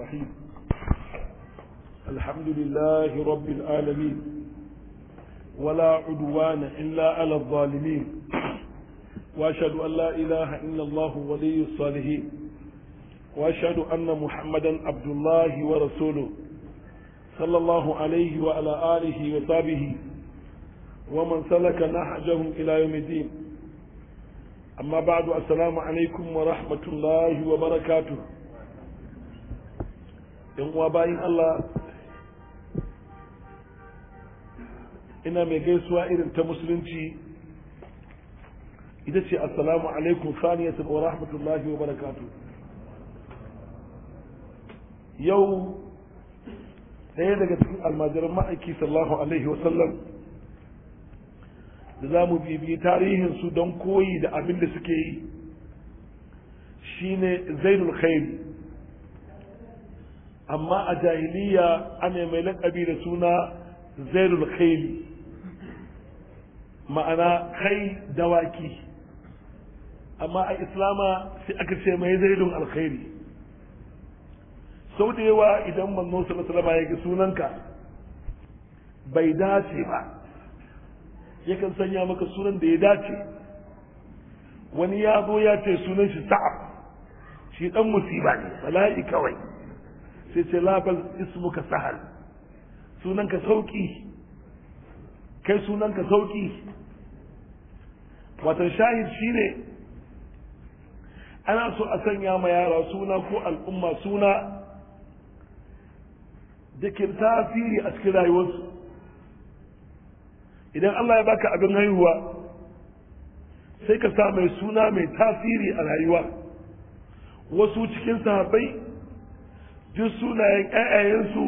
الرحيم الحمد لله رب العالمين ولا عدوان إلا على الظالمين وأشهد أن لا إله إلا الله ولي الصالحين وأشهد أن محمدا عبد الله ورسوله صلى الله عليه وعلى آله وصحبه ومن سلك نهجهم إلى يوم الدين أما بعد السلام عليكم ورحمة الله وبركاته yan uwa bayin Allah ina mai gaisuwa irin ta musulunci ita ce assalamu alaikum saniyatun wa rahmatullahi wa barakatu yau ɗaya daga cikin almajiran ma'aiki sallahu alaihi wa sallam da za mu bibiyi tarihinsu don koyi da abin da suke yi shine zainul khairi amma a jahiliya ana mai lakabi da suna zailul khayl ma'ana kai dawaki amma a islama sai aka ce mai zairun alkhairi sau da yawa idan manzo sallallahu ya ga sunanka bai dace ba yakan sanya maka sunan da ya dace wani ya zo ya ce sunan shi sa'ab shi dan musiba ne bala'i kawai sai ce labal ismuka sahal sunanka sauki kai sunanka sauki watan shahid shine ana so a sanya ma yara suna ko al'umma suna da ke tasiri a cikin rayuwarsu idan Allah ya baka abin haihuwa sai ka sa mai suna mai tasiri a rayuwa wasu cikin sahabbai duk sunayen ƴaƴayensu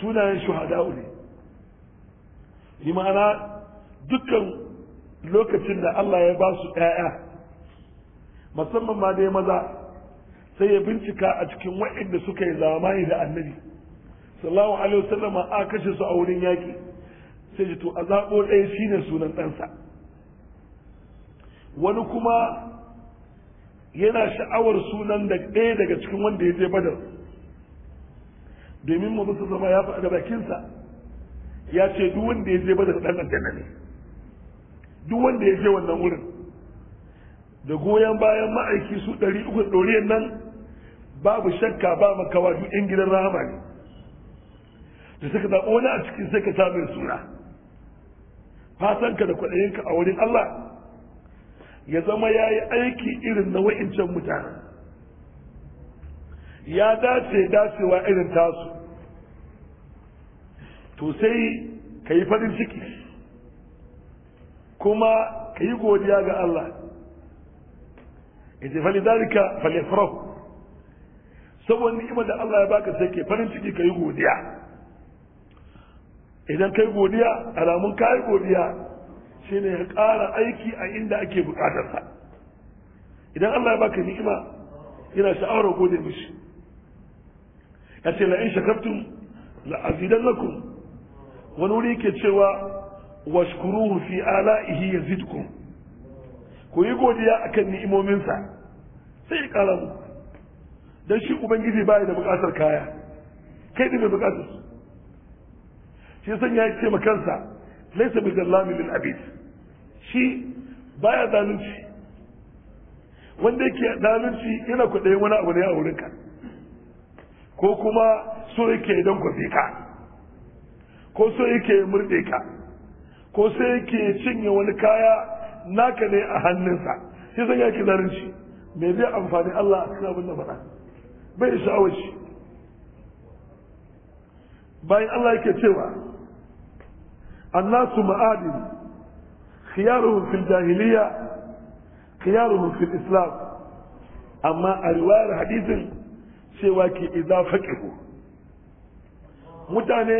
sunayen shuhada ne ni ma'ana dukkan lokacin da Allah ya ba su ƴaƴa musamman ma dai maza sai ya bincika a cikin waɗanda suka yi zamani da annabi sallallahu alaihi wasallam a kashe su a wurin yaƙi sai ji to a zaɓo ɗaya shine sunan ɗansa wani kuma yana sha'awar sunan da ɗaya daga cikin wanda ya je badar domin mu su zama ya faɗa bakinsa ya ce duk wanda ya je badar ɗan aljanna ne duk wanda ya je wannan wurin da goyon bayan ma'aiki su ɗari uku ɗoriyar nan babu shakka ba makawa duk yan gidan rahama ne da suka zaɓo wani a cikin sai ka suna fatanka da kwaɗayinka a wurin Allah ya zama ya yi aiki irin na wa'incan mutanen ya dace dacewa irin tasu to sai ka yi farin ciki kuma ka yi godiya ga Allah in zarika fali farau. saboda ni'imar da Allah ya baka sai ke farin ciki ka yi godiya idan ka yi godiya alamun ka yi godiya shine ya ƙara aiki a inda ake buƙatarsa idan Allah ya baka ni'ima yana sha'awar gode mishi ya ce la'in shakartum la'azidan lakum wani wuri ke cewa washkuruhu fi ala'ihi yazidkum ku yi godiya akan ni'imominsa sai ya ƙara muku dan shi ubangiji baya da buƙatar kaya kai ne mai buƙatar su shi san ya ce makansa laisa bi dallami lil abid shi baya zalunci wanda yake zalunci yana kuɗe wani abu ne a wurinka ko kuma so yake don kwafi ka ko so yake murɗe ka ko so yake cinye wani kaya naka ne a hannunsa shi zan yake zalunci me zai amfani Allah a cikin abin da faɗa bai sha'awar shi bayan Allah yake cewa annasu ma'adini khiyaruhum fil jahiliya khiyaruhum fil islam amma a riwayar hadisin cewa ke idza faqihu mutane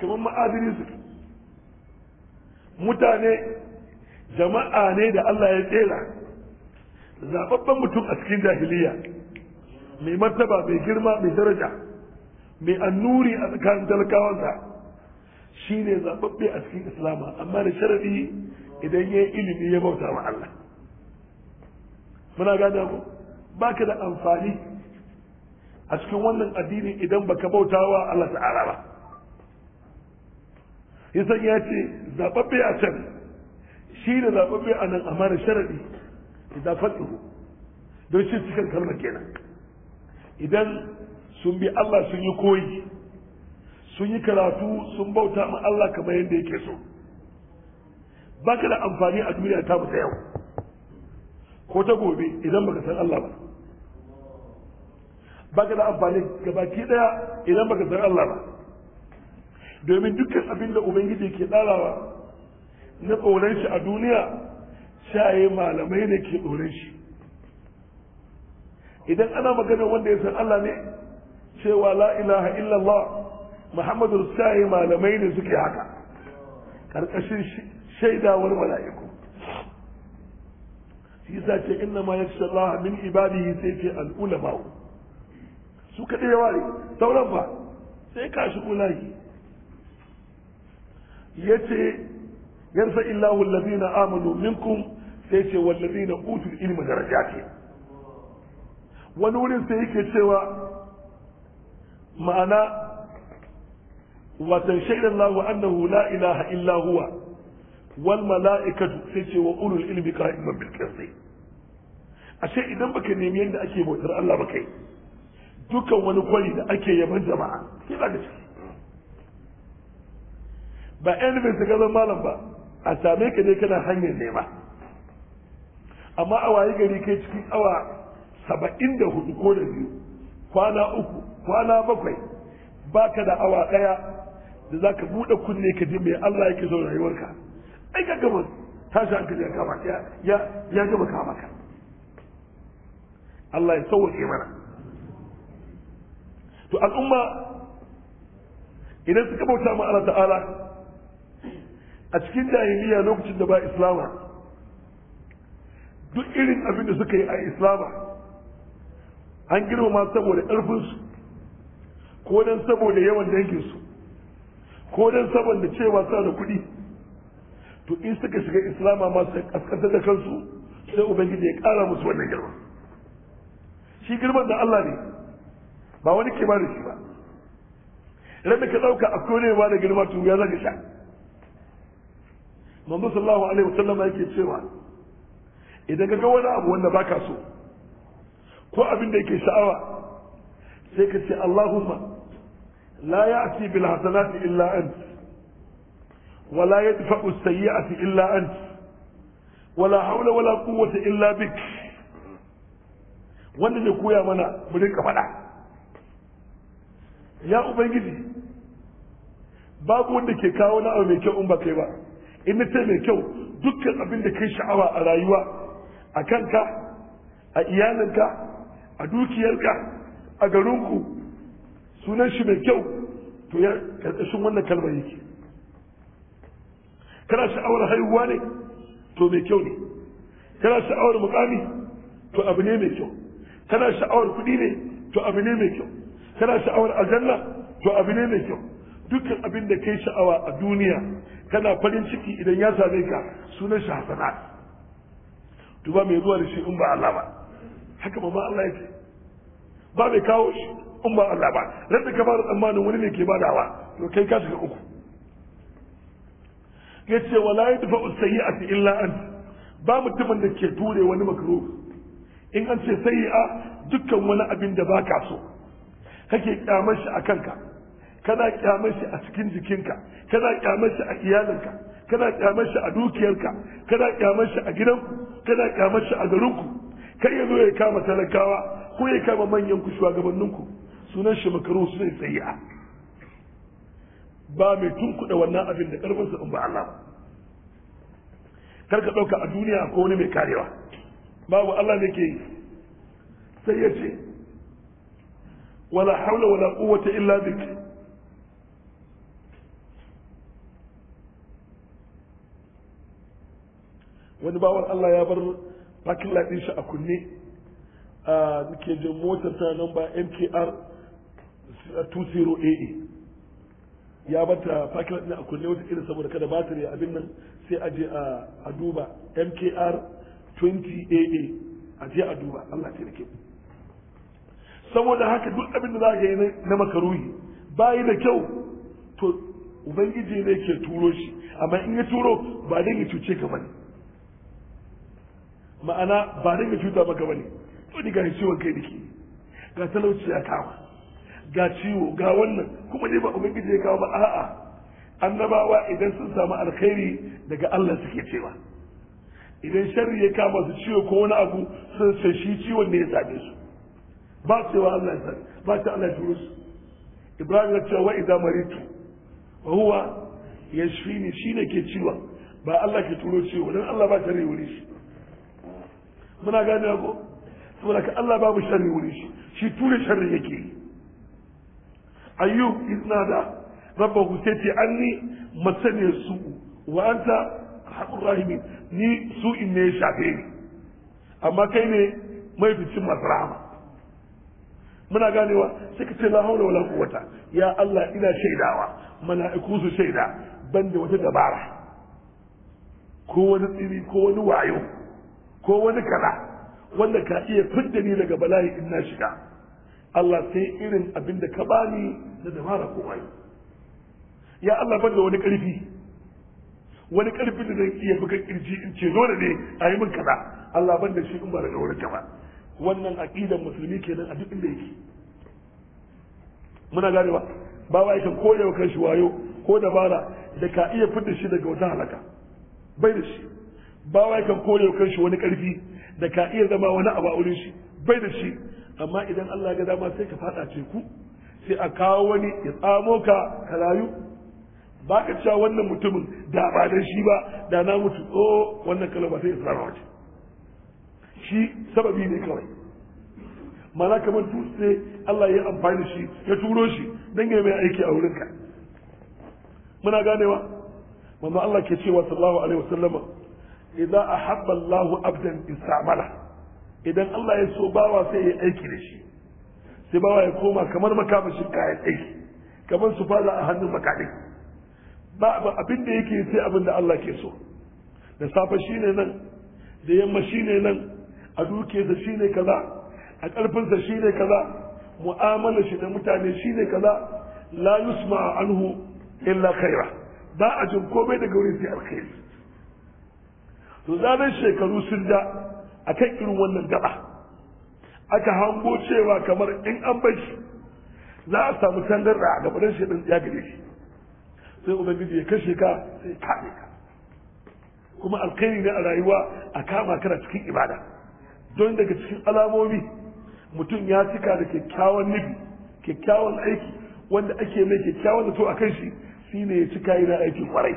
kamar ma'adini su mutane jama'a ne da Allah ya tsera zababben mutum a cikin jahiliya mai martaba mai girma mai daraja mai annuri a tsakanin talakawansa shi ne zaɓaɓɓe a cikin islama amma da sharaɗi idan ya yi ilimi ya bauta wa Allah muna gane ku ba ka da amfani a cikin wannan addini idan ba ka bauta wa Allah ta'ala ba yasan ya ce zaɓaɓɓe a can shi ne zaɓaɓɓe a nan amma da sharaɗi idan faɗi don shi cikin kalmar kenan idan sun bi Allah sun yi koyi sun yi karatu sun bauta ma Allah kamar yadda yake so Ba ka da amfani a duniya ta musa yau ko ta gobe idan baka san Allah ba ka da amfani gabaki daya idan baka san Allah ba domin dukkan abin da ubangiji ke tsarawa na tsoron shi a duniya shaye malamai ne ke tsoron shi idan ana magana wanda ya san Allah ne cewa la ilaha illallah muhammadu sai malamai ne suke haka karkashin shaidawar mala'iku shi yasa ce inna ma yakhsha Allah min ibadihi sai ce al ulama su kadai yawa ne sauran ba sai ka shi kulahi yace yarfa illahu allazina amanu minkum sai ce wallazina utul ilma darajati wani wurin sai yake cewa ma'ana watan shaidan lahu annahu la ilaha illa huwa wal mala'ikatu sai ce wa ulul ilmi qa'iman bil qisti ashe idan baka nemi yadda ake bautar Allah baka kai dukan wani kwari da ake yaban jama'a sai ka ci ba ɗan bai su malam ba a same ka ne kana hanyar nema amma a waye gari kai cikin awa saba'in da hudu ko da biyu kwana uku kwana bakwai baka da awa ɗaya da za ka buɗe kunne ka ji mai Allah yake zo rayuwarka ai ka gama tashi hankali ya kama ya ya gama kama ka Allah ya sauke mana to al'umma idan suka bauta ma Allah ta'ala a cikin jahiliya lokacin da ba islama duk irin abin da suka yi a islama an girmama saboda ƙarfinsu ko dan saboda yawan danginsu ko dan saboda cewa sa da kuɗi to in suka shiga islama ma su kaskantar da kansu sai ubangiji ya ƙara musu wannan girma shi girman da Allah ne ba wani ke ba da shi ba da ka ɗauka a ba da girma to ya zaga sha manzo sallallahu alaihi wasallam yake cewa idan ka ga wani abu wanda baka so ko abin da yake sha'awa sai ka ce Allahumma لا يأتي بالحسنات إلا illa ولا يدفع السيئة إلا أنت ولا illa ولا قوة إلا بك wanda ne koya mana mu rinka faɗa ya ubangiji babu wanda ke kawo na abu mai kyau in ba kai ba in ta mai kyau dukkan abin da kai sha'awa a rayuwa a kanka a iyalinka a dukiyarka a garinku sunan shi mai kyau to ya karkashin wannan kalmar yake kana sha'awar haihuwa ne to mai kyau ne kana sha'awar mukami to abu ne mai kyau kana sha'awar kuɗi ne to abu ne mai kyau kana sha'awar aljanna to abu ne mai kyau dukkan abin da kai sha'awa a duniya kana farin ciki idan ya same ka sunan shi hasana duba mai zuwa da shi in ba Allah ba haka ma Allah ya ba mai kawo shi in ba Allah ba rabbi ka fara tsammanin wani ne ke badawa to kai ka shiga uku yace wala yadfa as-sayyi'ati illa an ba mutumin da ke ture wani makaro in an ce sayyi'a dukkan wani abin da baka so kake kyamar shi a kanka kana kyamar a cikin jikinka kana kyamar a iyalinka kana kyamar a dukiyarka kana kyamar a gidanku kana kyamar a garinku kai yazo zo ya kama talakawa ko ya kama manyan ku shugabanninku sunan shi makaru sunan sayya ba mai tunkuɗa wannan abin da ƙarfinsa in ba Allah ba kar ka ɗauka a duniya ko wani mai karewa babu Allah ne ke sai ya ce wala haula wala quwwata illa bik. wani bawan Allah ya bar bakin ladin shi a kunne ah, a nake jin motar ta nan ba MKR 208 ya bata fakilat ɗin a kunne wata irin saboda kada batir ya abin nan sai a je a duba mkr 20aa a je a duba allah ce da saboda haka duk abin da za ka yi na makaruhi bayi da kyau to ubangiji ne ke turo shi amma in ya turo ba don ya cuce ka bane ma'ana ba don ya cuta maka bane to ni ga ciwon kai ke, ga talauci ya kama ga ciwo ga wannan kuma dai ba ubangiji ya kawo ba a'a annabawa idan sun samu alkhairi daga Allah suke cewa idan sharri ya kama su ciwo ko wani abu sun san shi ciwon ne ya same su ba cewa Allah ya ba ta Allah su Ibrahim ya ce wa idan maritu wa huwa yashfini shine ke ciwa ba Allah ke turo ciwo dan Allah ba sharri wuri shi muna gane ko saboda ka Allah babu sharri wuri shi shi tura sharri yake yi ayyub isnada da sai ce anni masani su wa anta haqqur rahimin ni su in ne shafe ni amma kai ne mai masu rahama muna ganewa sai ka ce la haula wala quwwata ya Allah ina shaidawa mala'iku su shaida banda wata dabara ko wani tsiri ko wani wayo ko wani kaza wanda ka iya fidda ni daga bala'i in na shiga Allah sai irin abin da ka bani da dabara ko wayo ya Allah banda wani karfi wani karfi da zan iya buga kirji in ce dole ne a yi min kaza Allah banda shi in ba da wurin ta ba wannan aqidar musulmi kenan a duk inda yake muna gane ba ba wai kan da kan shi wayo ko dabara da ka iya fita shi daga wata halaka bai da shi ba wai kan da kan shi wani karfi da ka iya zama wani abu a wurin shi bai da shi amma idan Allah ya ga dama sai ka fada ce ku sai a kawo wani ya tsamo ka ka rayu ba ka cewa wannan mutumin da ba da shi ba da na mutu o oh, wannan sai ta islama wace shi sababi ne kawai mana kamar dutse Allah ya amfani shi ya turo shi don ya mai aiki a wurinka muna ganewa manzo Allah ke cewa sallallahu alaihi wasallama idan ahabba Allah abdan istamala idan Allah ya so bawa sai ya aiki da shi sai bawa ya koma kamar makamashin kayan aiki kamar su fada a hannun makaɗi ba abin da yake sai abin da Allah ke so da safe ne nan da yamma shi ne nan a da shi ne kaza a ƙarfinsa ne kaza mu'amala shi da mutane shi ne kaza la yusma anhu illa khaira ba a jin komai daga wurin sai alkhairi to zaman shekaru sun da akan irin wannan gaba aka hango cewa kamar in an bar shi za a samu da a gabanin shi din ya gare shi sai ubangiji ya kashe ka sai kaɗe ka kuma alkhairi ne a rayuwa a kama kana cikin ibada don daga cikin alamomi mutum ya cika da kyakkyawan nufi kyakkyawan aiki wanda ake mai kyakkyawan to a kan shi ne ya cika yana aikin kwarai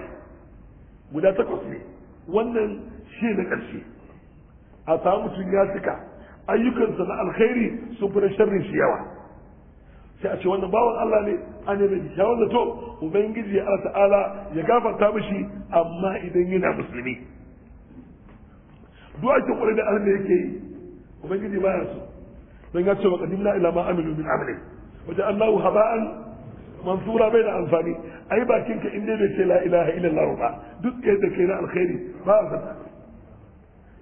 guda takwas ne wannan shi na ƙarshe a samu mutum ya cika ayyukansa na alkhairi sun fi na sharrin shi yawa sai a ce wannan bawan Allah ne an yi mai kyawun to ubangiji ya Allah ta'ala ya gafarta mishi amma idan yana musulmi duk ake kwarai da Allah yake yi ubangiji baya so dan ya ce wa qadimna ila ma amilu min amali wajen Allahu haba'an mansura bai da amfani ai bakinka in dai bai ce la ilaha illallah ba duk da kai na alkhairi ba a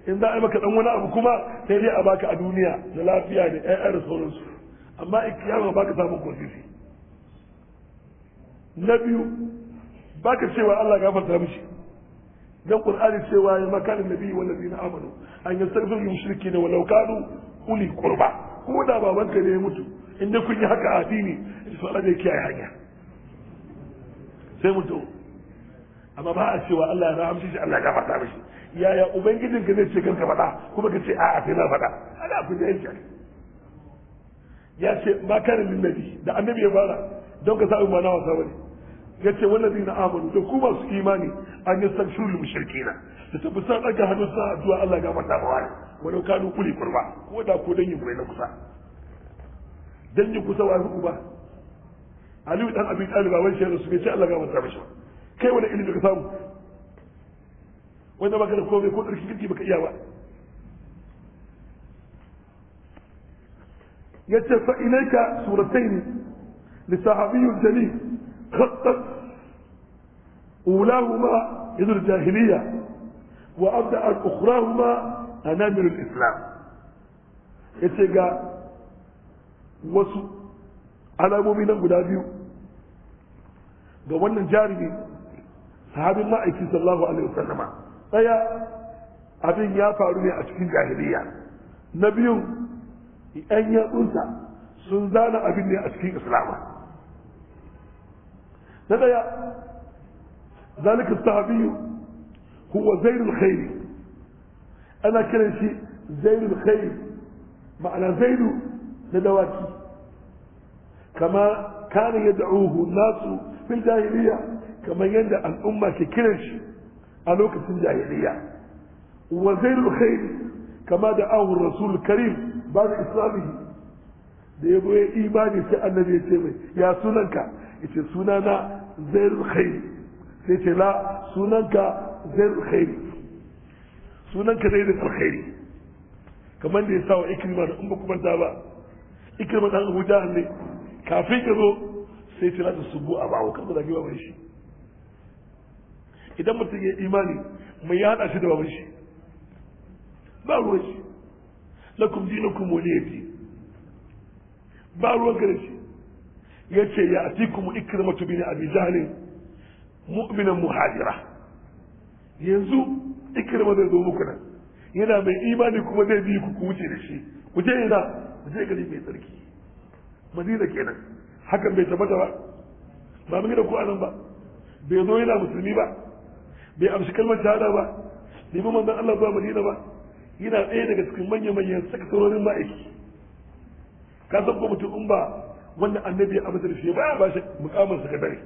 in za a yi maka dan wani abu kuma sai dai a baka a duniya da lafiya da ƴaƴa da sauransu amma in kiyama baka samun kosisi na biyu baka cewa Allah gafarta mishi dan qur'ani cewa ya da nabi wal ladina amanu an yastaghfiru lil mushrikeena walau kanu uli qurba ko da babanka ne ya mutu in da kun yi haka a addini to Allah zai kiyaye hanya sai mutu amma ba a cewa Allah ya rahamce shi Allah ya gafarta mishi yaya ubangijin ka zai ce kanka faɗa kuma ka ce a'a a na faɗa ana akwai jahilci ya ce ma kana linnabi da annabi ya fara don ka sa'u ma wasa bane ya ce wannan zai na amanu da ku su imani an yi san shirin mushrikina da tafi sa ɗaga hannu sa zuwa Allah ga mata ba wani wani kanu kuli kurba ko da ko dan yi na kusa dan yi kusa wa ku ba Aliyu dan Abi talibawa ba wani shi rasu bai ce Allah ga mata ba shi kai wani ilimi ka samu wanda baka da komai ko ɗarki kirki baka iya ba yace fa suratai suratayn li sahabiyyin jalil khattat ulahuma yadul jahiliya wa abda al ukhrahuma anamir al islam yace ga wasu alamomi nan guda biyu ga wannan jarumi sahabin ma'aiki Sallahu alaihi wasallama ɗaya abin ya faru ne a cikin jahiliya na biyun ‘yan yatsunsa sun zana abin ne a cikin islama na ɗaya zalika sahabiyu huwa zairul khairi ana kiran shi zairul khairi ma'ana zairu na dawaki kama kana yad'uhu nasu fil jahiliya kamar yadda al'umma ke kiran shi a lokacin jahiliya wa zairul khair kama da awu rasul karim ba da islami da ya goye imani sai annabi ya ce mai ya sunanka ya ce sunana zairul khair sai ce la sunanka zairul khair sunanka zairul alkhairi kamar da ya sa wa ikirma da in ba kuma ta ba ikirma da abu ne kafin ka zo sai ce la ta subu a bawo kan da ba mai shi idan mutum ya imani mai yada shi da babanshi shi ba ruwan shi lakum ya fi ba ruwan gare shi ya ce ya atikum ikramatu bin a jahl mu'minan muhajira yanzu ikrama zai zo muku nan yana mai imani kuma zai bi ku wuce da shi ku je yana, ku je gari mai tsarki madina kenan hakan bai tabbata ba ba mun da ku anan ba bai zo yana musulmi ba bai amshi kalmar shahada ba bai bi manzon Allah zuwa Madina ba yana ɗaya daga cikin manyan manyan saka sauraron ma'aiki ka san ko mutum in ba wannan annabi ya amince da shi ba ba shi mukamin zan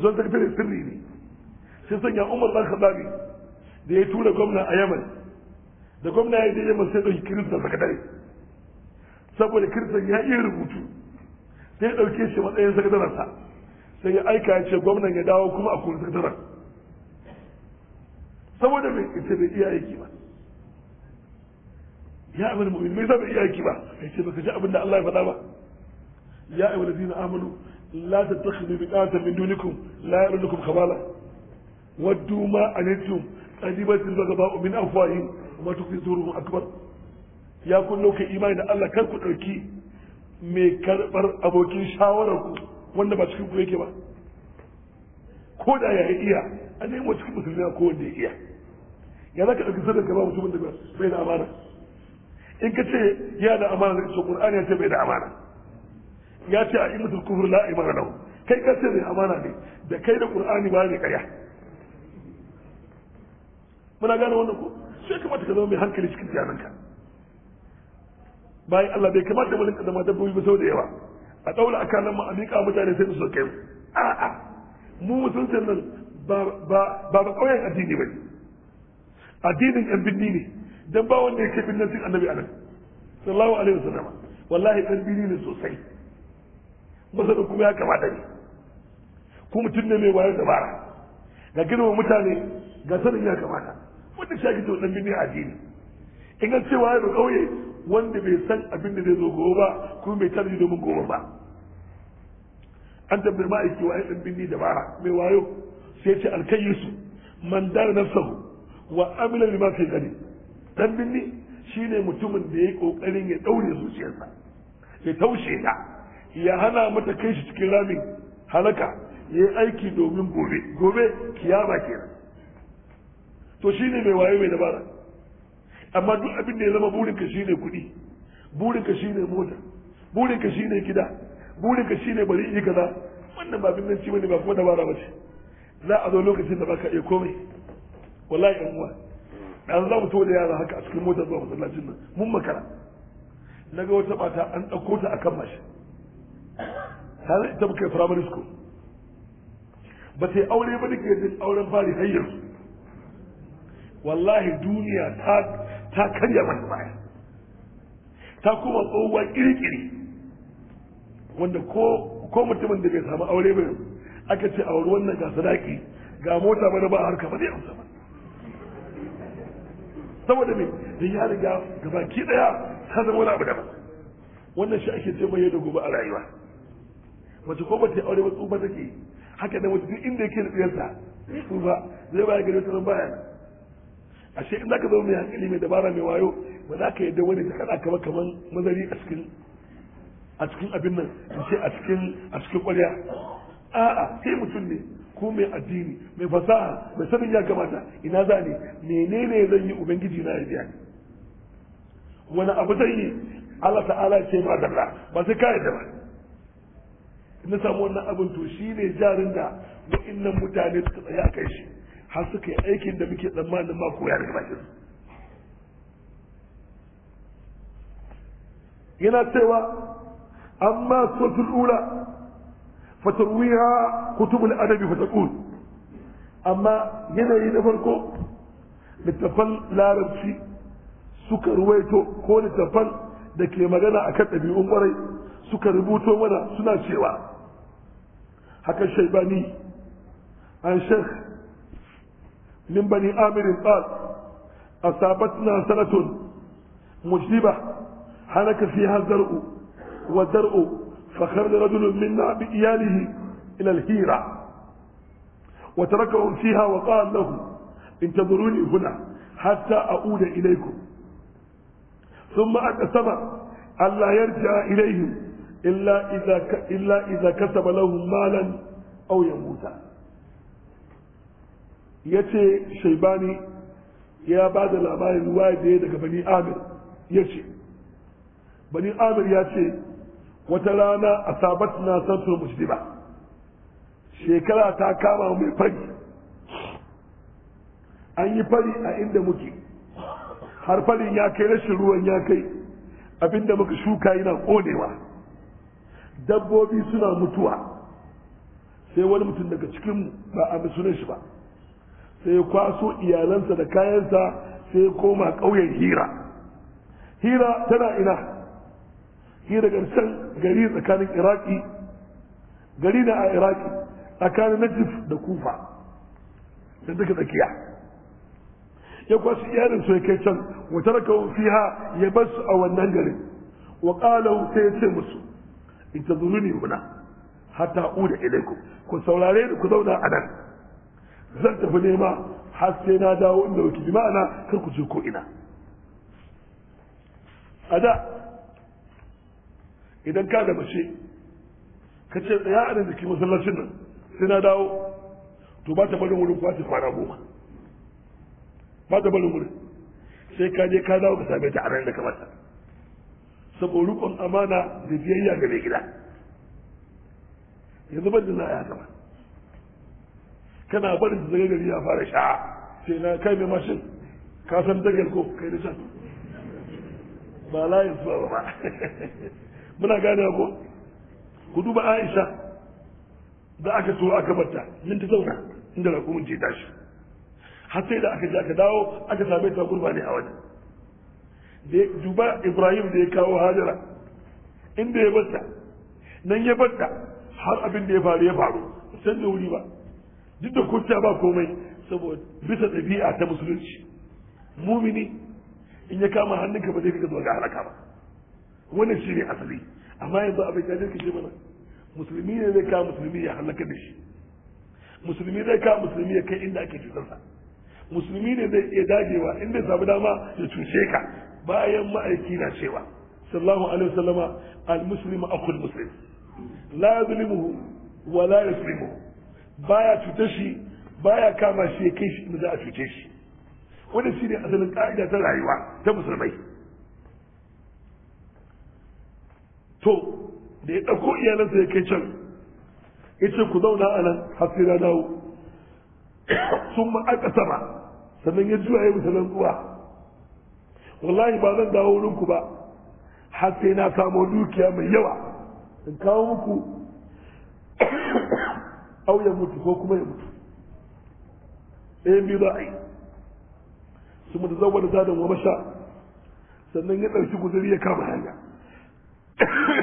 zon sakatare sirri ne sai sanya Umar dan Khattabi da ya tura gwamna a Yaman da gwamna ya je Yaman sai dauki kirista dare saboda kirista ya iya rubutu sai ya dauke shi matsayin sakatarensa sai ya aika ya ce gwamnan ya dawo kuma a kuma sakataren saboda bai ita bai iya aiki ba ya abin mu'min bai sa bai iya aiki ba kai ce baka ji abin da Allah ya faɗa ba ya ayyuhal ladina amanu la tattakhidhu bi'atan min dunikum la ya'lunukum khabala waddu ma anittum qadibatin baghdha'u min afwahihim wa tukfi akbar ya kun kai imani da Allah kar ku dauki mai karbar abokin shawarar ku wanda ba cikin ku yake ba ko da ya iya a nemo cikin musulmi ko wanda ya iya ya zaka ɗauki sadaka ba mutumin da bai da amana in ka ce ya da amana da iso ƙur'ani ya ce bai da amana ya ce a imatul kufur la imana lahu kai ka ce mai amana ne da kai da ƙur'ani ba ne ƙarya muna gane wannan ko sai kamata ka zama mai hankali cikin tiyananka bayan Allah bai kamata mu rinka zama dabbobi ba sau da yawa a daula aka nan ma a miƙa mutane sai su so kai a'a mu mutuncin nan ba ba ba ƙauyen addini ba ne addinin yan binni ne dan ba wanda yake binnan sun annabi anan sallallahu alaihi wasallam wallahi ɗan binni ne sosai masanin kuma ya kamata ne ko mutum ne mai wayar bara, ga girma mutane ga sanin ya kamata wanda shi ake ce dan binni addini in ga cewa ya kauye wanda bai san abin da zai zo gobe ba kuma bai tarji domin gobe ba an tabbar ma'aiki wa ɗan binni dabara mai wayo sai ce alkayyarsu man dara sahu. wa amila lima fi gani dan binni shine mutumin da yayi kokarin ya daure zuciyarsa ya taushe ta ya hana mata kai shi cikin ramin halaka yayi aiki domin gobe gobe kiyama kenan to shine mai waye mai dabara amma duk abin da ya zama burinka shine kuɗi burinka shine mota burinka shine gida burinka shine bari yi kaza wannan ba bin nan ci bane ba kuma dabara ba ce za a zo lokacin da baka iya komai wallahi yan uwa dan za mu to da yara haka a cikin motar zuwa masallacin nan mun makara na ga wata bata an ɗauko ta a kan mashi ta zai ita muka firamare school ba ta aure ba da ke jin auren fari har yanzu wallahi duniya ta karya mata baya ta kuma tsohuwa kirkiri wanda ko mutumin da bai samu aure ba aka ce a wannan ga sadaki ga mota ba da ba harka ba zai amsa ba saboda me da ya riga gaba ki daya ta zama wani abu daban wannan shi ake ce mai da gobe a rayuwa mace ko bata aure ba tsufa take haka da mace duk inda yake da tsiyarta tsufa zai baya gari wata baya ashe in zaka zama mai hankali mai dabara mai wayo ba za ka yadda wani ta kada kama kaman mazari a cikin a cikin abin nan in ce a cikin a cikin kwarya a'a sai mutum ne ko mai addini mai fasaha mai sanin ya gamata ina za ne menene zan yi ubangiji na ya biya wani abu zan yi Allah ta'ala ce ma da ba sai ka da ba na samu wannan abin to shi ne jarin da wa'innan mutane suka tsaya a kai shi har suka yi aikin da muke tsammanin ma koya daga bakin yana cewa amma suratul ula فترويها كتب الأدب فتقول amma yanayi na farko لا رمشي suka ruwaito ko littattafan da ke magana a kan ɗabi'un ƙwarai suka rubuta mana suna cewa haka shaibani an shek min bani amirin ƙal asabatna sanatun musliba halaka fi zar'u wa zar'u فخرج رجل منا بإياله إلى الهيرة وتركهم فيها وقال لهم انتظروني هنا حتى أعود إليكم ثم أقسم ألا يرجع إليهم إلا إذا ك... إلا إذا كسب لهم مالا أو يموت يتي شيباني يا بعد da labarin يدك بني آمر يتي بني آمر يتي wata rana a sabat na san mushi ba shekara ta kama mai fari an yi fari a inda muke har farin ya kai rashin ruwan ya kai abinda muka shuka yana konewa dabbobi suna mutuwa sai wani mutum daga cikin ba a sunan shi ba sai kwaso iyalansa da kayansa sai koma ƙauyen hira hira tana ina shi daga can gari tsakanin iraki gari da a iraki tsakanin najif da kufa da duka tsakiya ya kwasu iyalin su ya kai can wata rakawun fiha ya bar su a wannan garin wa sai ya ce musu in ta zuru ne muna hatta uda ilaikum ku saurare da ku zauna a nan zan tafi nema har sai na dawo inda wuce bi ma'ana kar ku je ko ina a da idan ka da mace ka ce ya a da ke masallacin nan sai na dawo to ba ta barin wurin kwace kwana goma ba ta barin wurin sai ka je ka dawo ka same ta a nan da mata saboda rukun amana da biyayya ga mai gida yanzu ban da za a yi haka ba kana barin ta zaga gari ya fara sha'a sai na kai mai mashin ka san dagal ko kai da shan ba layin su ba muna gane ko ku duba aisha da aka so aka barta min ta zauna inda rakumin ce tashi har sai da aka je aka dawo aka same ta gurba ne a wani da duba ibrahim da ya kawo hajara inda ya barta nan ya barta har abin da ya faru ya faru san da wuri ba duk da kuta ba komai saboda bisa ɗabi'a ta musulunci mumini in ya kama hannunka ba zai fita zuwa ga halaka ba wannan shi ne asali amma yanzu abin da ke ce mana musulmi ne zai kawo musulmi ya halaka da shi musulmi zai kawo musulmi ya kai inda ake cutar sa musulmi ne zai iya dagewa inda samu dama ya cuce ka bayan ma'aiki na cewa sallallahu alaihi wasallama al-muslim akul muslim la yuzlimuhu wa la yuslimuhu baya cutar shi baya kama shi ya kai shi inda za a cuce shi wannan shine asalin ka'ida ta rayuwa ta musulmai to da ya ɗauko iyalansa ya kai can ya ce ku zauna a nan har sai dawo sun ma aka sama sannan ya juya ya musu zuwa wallahi ba zan dawo ku ba har sai na samo dukiya mai yawa in kawo muku au ya mutu ko kuma ya mutu Ɗaya biyu za a yi su mu da zadon wa masha sannan ya ɗauki guzuri ya kama hanya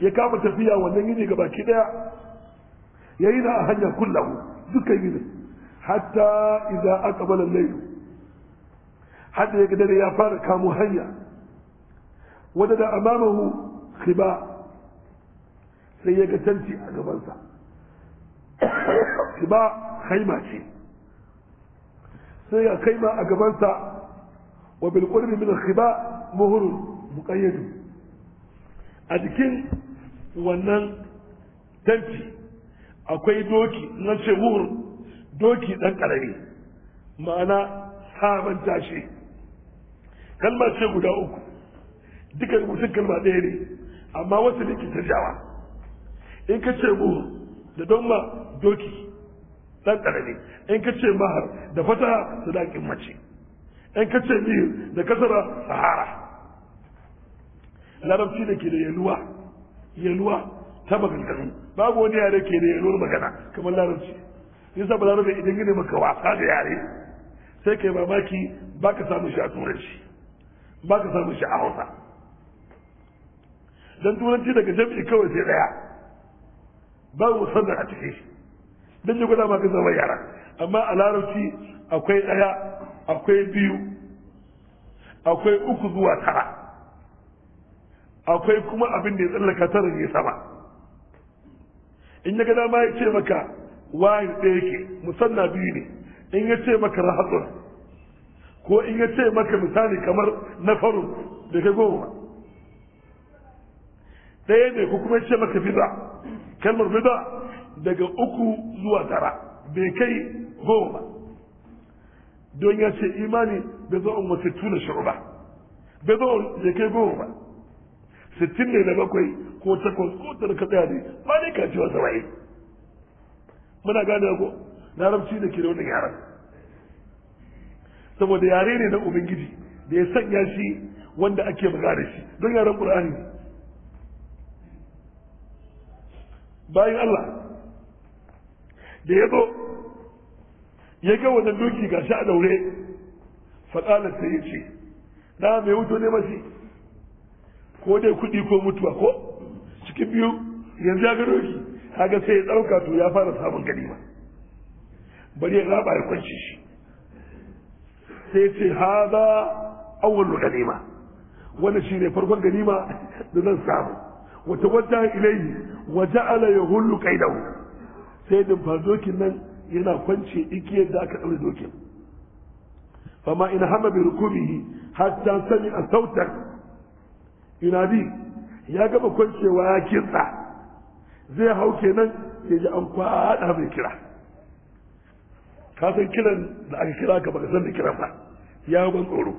ya kama tafiya wannan yini ga baki daya ya yi na a hanya kullahu dukkan yini hatta idan aka bala lailu hadda ya dare ya fara kamo hanya wadda da amamahu khiba sai ya gatanci a gabansa khiba haima ce sai ya kaima a gabansa wa bil qurbi min khiba mu muqayyad a jikin wannan tanti akwai doki na ce wuhur doki ɗan ƙarami ma'ana sabon tashi kalma ce guda uku duka rubutun kalma ɗaya ne amma wasu ne ke tarjawa in ka ce wuhur da don ma doki ɗan ƙarami in ka ce mahar da fata sadakin mace in ka ce mihir da kasara sahara larabci da ke da yaluwa yaluwa ta maganganu babu wani yare ke da yaluwar magana kamar larabci yasa ba larabci idan gina maka wasa da yare sai kai mamaki ba ka samun shi a turanci ba ka samun shi a hausa don turanci daga jam'i kawai sai daya babu musamman a ciki don yi gwada maka zama yara amma a larabci akwai daya akwai biyu akwai uku zuwa tara akwai kuma abin da ya tsallaka ta rage sama in ya gada ma ya ce maka wayan ɗaya yake musanna biyu ne in ya ce maka rahatsun ko in ya ce maka misali kamar na farin da ka goma ɗaya ne ko kuma ya ce maka bida kalmar bida daga uku zuwa tara bai kai goma don ya ce imani bai zo wasu tuna shiru ba bai zo bai kai goma ba sittin ne na bakwai ko takwas ko tara ka tsaya ne ba ne ka cewa saba'in muna gane ko larabci da ke da yaran saboda yare ne na ubangiji da ya sanya shi wanda ake magana shi don yaren qur'ani bayan Allah da ya zo ya ga wannan doki gashi a daure faƙalar sai ce na mai wuto ne mashi ko dai kuɗi ko mutuwa ko cikin biyu yanzu ya gano shi kaga sai ya ɗauka to ya fara samun ganima bari ya raba ya kwanci shi sai ce haza awwalu ganima wannan shine farkon ganima da zan samu wata wata ilayhi wa ja'ala yahullu qaidahu sai dumfa dokin nan yana kwance ikiyar da aka ɗaure dokin fama ina hama bi rukubihi hatta sami a sautar bi ya gaba kwancewa ya kirtsa zai hau kenan ya ji an kwada mai kira ka san kiran da aka kira ka baka san da kiran ba ya hau tsoro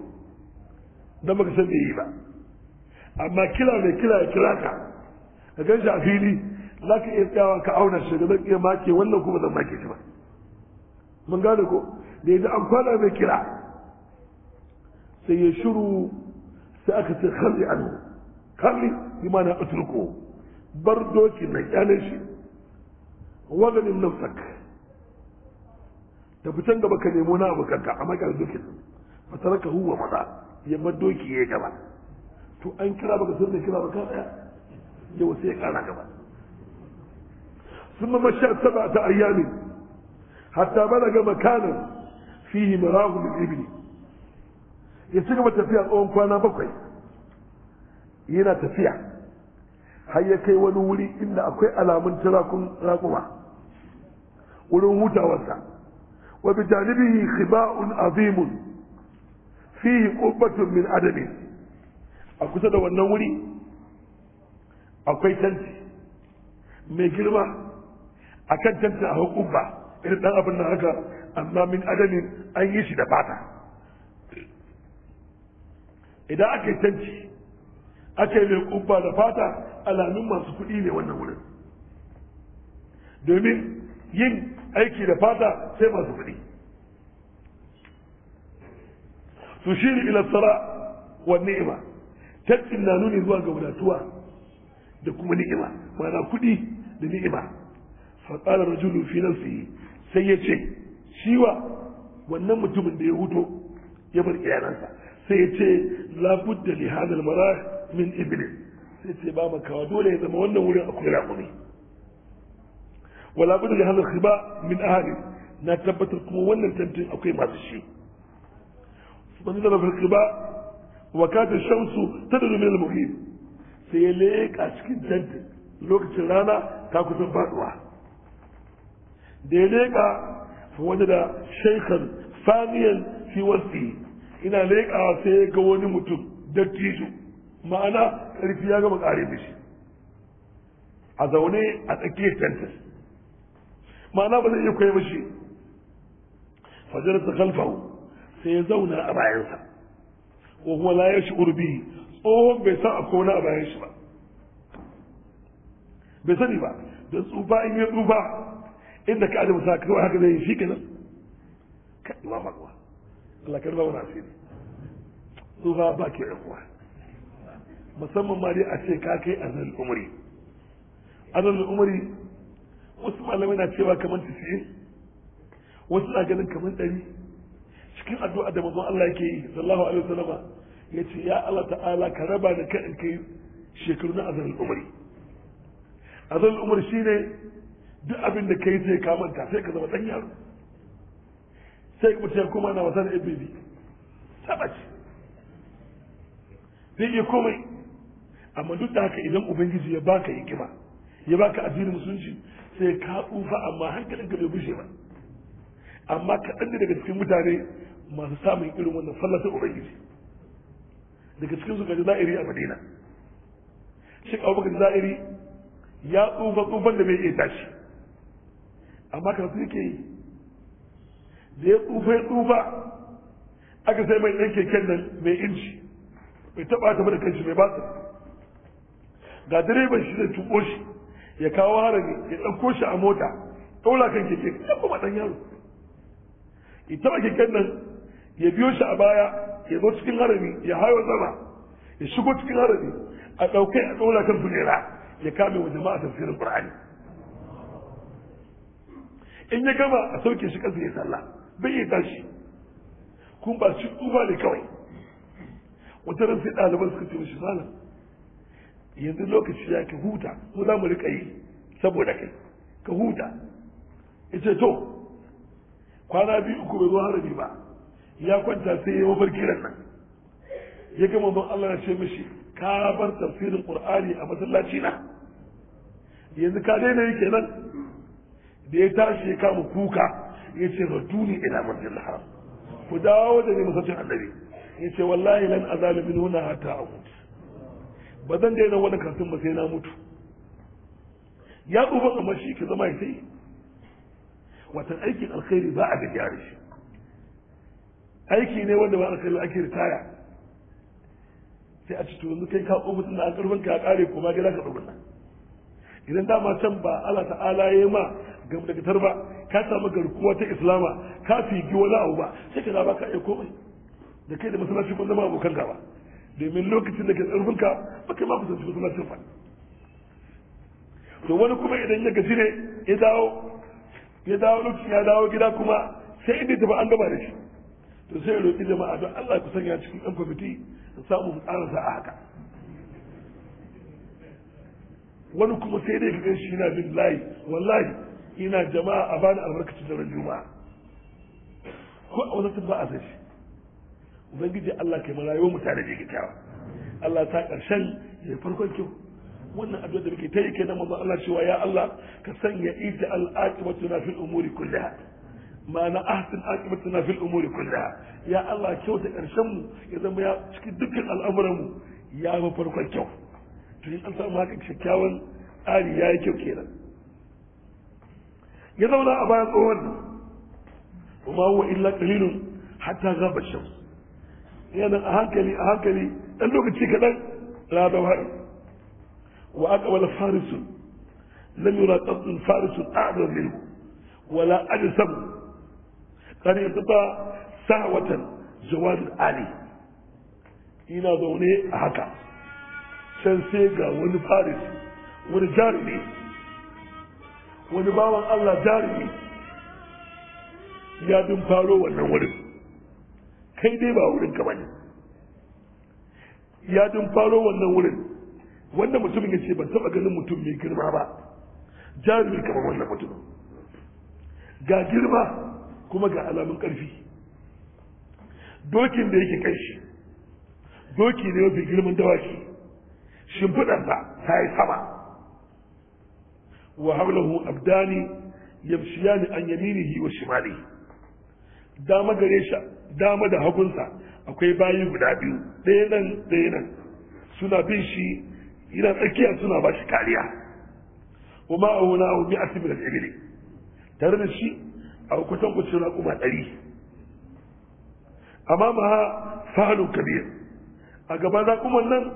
don baka san da yi ba amma kira mai kira ya kira ka ka gan shi a fili za ka iya tsayawa ka auna shi da zan iya make wannan kuma zan make shi ba mun gane ko da yadda an kwada mai kira sai ya shiru sai aka ce khalli anhu kalli bi mana atruko bar doki na kyale shi waganin nafsak da fitan gaba ka nemo na abu a makar ka dokin ka huwa mata ya bar doki ya gaba to an kira baka sun da kira baka daya ya wasu ya kara gaba Sun ثم ta سبعة أيام حتى بلغ مكانا فيه marahu da ibini ya ci gaba tafiya tsawon kwana bakwai yana tafiya har ya kai wani wuri inda akwai alamun turakun raƙuma wurin hutawarsa wa bi janibihi khiba'un azimun fihi qubbatun min adami a kusa da wannan wuri akwai tanti mai girma a kan tanti a hukubba irin ɗan abin nan haka amma min adamin an yi shi da fata idan aka yi tanti Ake mai kubba da fata alamin masu kuɗi ne wannan wurin domin yin aiki da fata sai masu kuɗi su shi ne ilassara, wa ni'ima tattin na nuni zuwa ga wadatuwa da kuma ni'ima mana kuɗi da ni'ima fatsarar rajulu fi nafsihi sai ya ce shi wannan mutumin da ya huto ya bar iyalansa sai ya ce labudda li hadal marah min iblis sai ce ba makawa dole ya zama wannan wurin akwai raƙumi wala budu li hadha khiba min ahli na tabbatar kuma wannan tantin akwai masu shi wani da fil khiba wa ta shamsu tadru min al muhib sai ya leka cikin tantin lokacin rana ta kusan faduwa da ya leka wanda da shaykhan faniyan fi wasi ina lekawa sai ga wani mutum dattijo ma'ana karfi ya gama kare mishi a zaune a tsakiyar tantas ma'ana ba zai iya kwaye mishi fajar ta kalfahu sai ya zauna a bayansa ko kuma la ya shi urbi tsohon bai san a kona a bayan shi ba bai sani ba da tsufa in ya tsufa inda ka ajiye masa kawai haka zai yi shi kenan ka ima faɗuwa Allah karba wani asiri tsufa ba ke ɗan kuwa. musamman ma dai a ce ka kai azal umri azal umri wasu malamai na cewa kamar tisiye wasu na ganin kamar ɗari cikin addu'a da manzon Allah yake yi sallallahu alaihi wasallam ya ce ya Allah ta'ala ka raba da kai in kai shekaru na azal umri azal umri shine duk abin da kai sai ka manta sai ka zama dan yaro sai kuma ce kuma na wasan ibi sabaci zai iya komai amma duk da haka idan ubangiji ya baka hikima ya baka addinin musulunci sai ka tsufa amma hankalin ka bai bushe ba amma kaɗan ne daga cikin mutane masu samun irin wannan fallatar ubangiji daga cikin su gaji za'iri a madina shi abubakar za'iri ya tsufa tsufan da bai iya tashi amma su yake yi da ya tsufa ya tsufa aka sai mai ɗan keken nan mai inci bai taɓa ta da kanshi mai basa ga direban shi zai tuko shi ya kawo harami ya ɗauko shi a mota ɗaura kan keke ya kuma ɗan yaro ya taɓa keken nan ya biyo shi a baya ya zo cikin harami ya hayo zama ya shigo cikin harami a ɗauke a ɗaura kan fulera ya kame wa jama'a tafsirin ƙur'ani in ya gama a sauke shi kansa ya sallah bai iya tashi kun ba shi tsufa ne kawai wata ran sai ɗaliban suka ce mishi malam yanzu lokaci ya ki huta ko za mu rika yi saboda kai ka huta ita to kwana biyu uku bai zo harami ba ya kwanta sai ya kiran nan ya gama don Allah ya ce mishi ka bar tafsirin qur'ani a masallaci na yanzu ka daina yake kenan da ya tashi ya kama kuka ya ce raduni ila masjidil haram ku dawo da ni masallacin annabi ya ce wallahi lan azalu huna hatta amut ba zan daina wani karatun ba sai na mutu ya ɗuba kamar shi ki zama sai watan aikin alkhairi ba a da shi aiki ne wanda ba alkhairi ake ritaya sai a cikin yanzu kai ka ofis na karfin ka kare kuma gida ka dubu nan idan dama can ba Allah ta'ala ya yi ma gamdakatar ba ka samu garkuwa ta islama ka figi wani abu ba sai ka za ba ka iya komai da kai da masallaci kun zama abokan gaba domin lokacin da ke tsarfinka ba kai ma ku zanci suna sirfa to wani kuma idan ya gaji ne ya dawo ya dawo lokacin ya dawo gida kuma sai inda tafi an gaba da shi to sai ya roƙi jama'a don Allah ku sanya cikin ɗan kwamiti da samun tsarinsa a haka wani kuma sai dai ka shi yana bin layi wallahi ina jama'a a bani albarkacin daren juma'a ko a wani tun ba a zai ubangiji Allah kai mu rayuwar mutane da kyakkyawa Allah ta karshen ya farkon kyau wannan addu'a da muke ta yi kenan manzo Allah cewa ya Allah ka sanya ita na fil umuri kullaha na ahsin na fil umuri kullaha ya Allah kyauta karshen mu ya zama ya cikin dukkan al'amuran mu ya ba farkon kyau to in an samu haka kyakkyawan tsari ya yi kyau kenan ya zauna a bayan tsohon وما هو إلا قليل حتى غاب الشمس yana a hankali a hankali ɗan lokaci kaɗan ranar haɗi wa aka wala farisun lam yura qatl farisun a'dar minhu wala ajsam kan yataba watan zawad ali ina zaune a haka can sai ga wani faris wani jarumi wani bawan Allah jarumi ya bin faro wannan wurin kai dai ba wurin ka bane ya dun faro wannan wurin wanda mutumin ya ce ba taba ganin mutum mai girma ba jarumi kamar wannan mutum. ga girma kuma ga alamun karfi dokin da yake kai shi doki ne mafi girman dawaki shimfiɗarsa ta yi sama wa haulahu abdani yamshiyani an yaminihi wa shimali dama gare shi dama da hagunsa akwai bayi guda biyu ɗaya nan ɗaya nan suna bin shi yana tsakiya suna ba shi kariya kuma a wuna a wuni asibir da tare da shi a kusan kucin raƙuma ɗari amma ma fahalun kabir a gaba raƙuman nan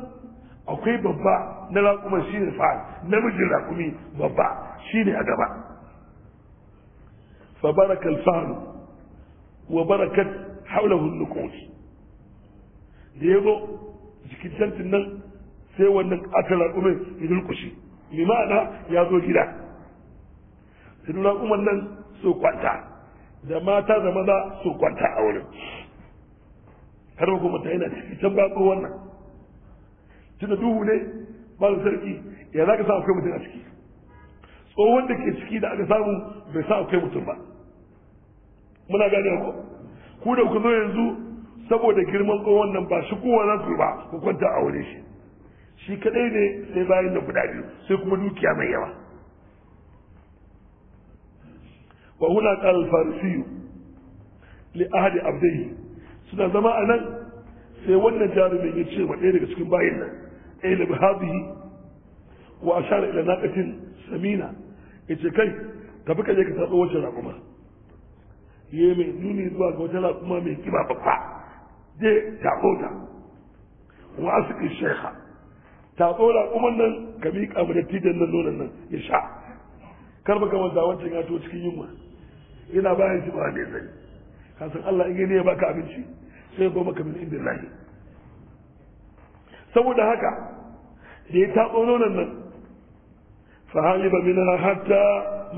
akwai babba na raƙuman shi ne namijin raƙumi babba shi ne a gaba fa barakal fahalu wa barakat haula nuqut da yazo jikin tantin nan sai wannan atalar umar ya dulkushi limana ya zo gida sidula umar nan su kwanta da mata da maza su kwanta a wurin har kuma ta yana cikin can bako wannan tunda duhu ne ba da sarki ya za ka samu kai mutum a ciki tsohon da ke ciki da aka samu bai samu kai mutum ba muna gane ko ku da ku zo yanzu saboda girman tsohon nan ba shi kowa za ba ku kwanta a wurin shi shi kadai ne sai bayan da guda biyu sai kuma dukiya mai yawa wa huna qal farisiyu li ahadi abdai suna zama a nan sai wannan jarumin ya ce wa ɗaya daga cikin bayin nan ɗaya da bihadihi wa ashara ila naqatin samina yace kai tafi ka je ka tsatso wacce raƙuma ya mai nuni zuwa ga wajen kuma mai kima babba je taɓo ta wa asikin shekha ta da kuma nan ka miƙa mu dattijan nan nonon nan ya sha kar ga wanda wancan ya to cikin yunwa ina bayan shi ba ne zai kasan Allah in ne ya baka abinci sai goma ka min inda lahi saboda haka da ya taɓo nonon nan fa haliba minha hatta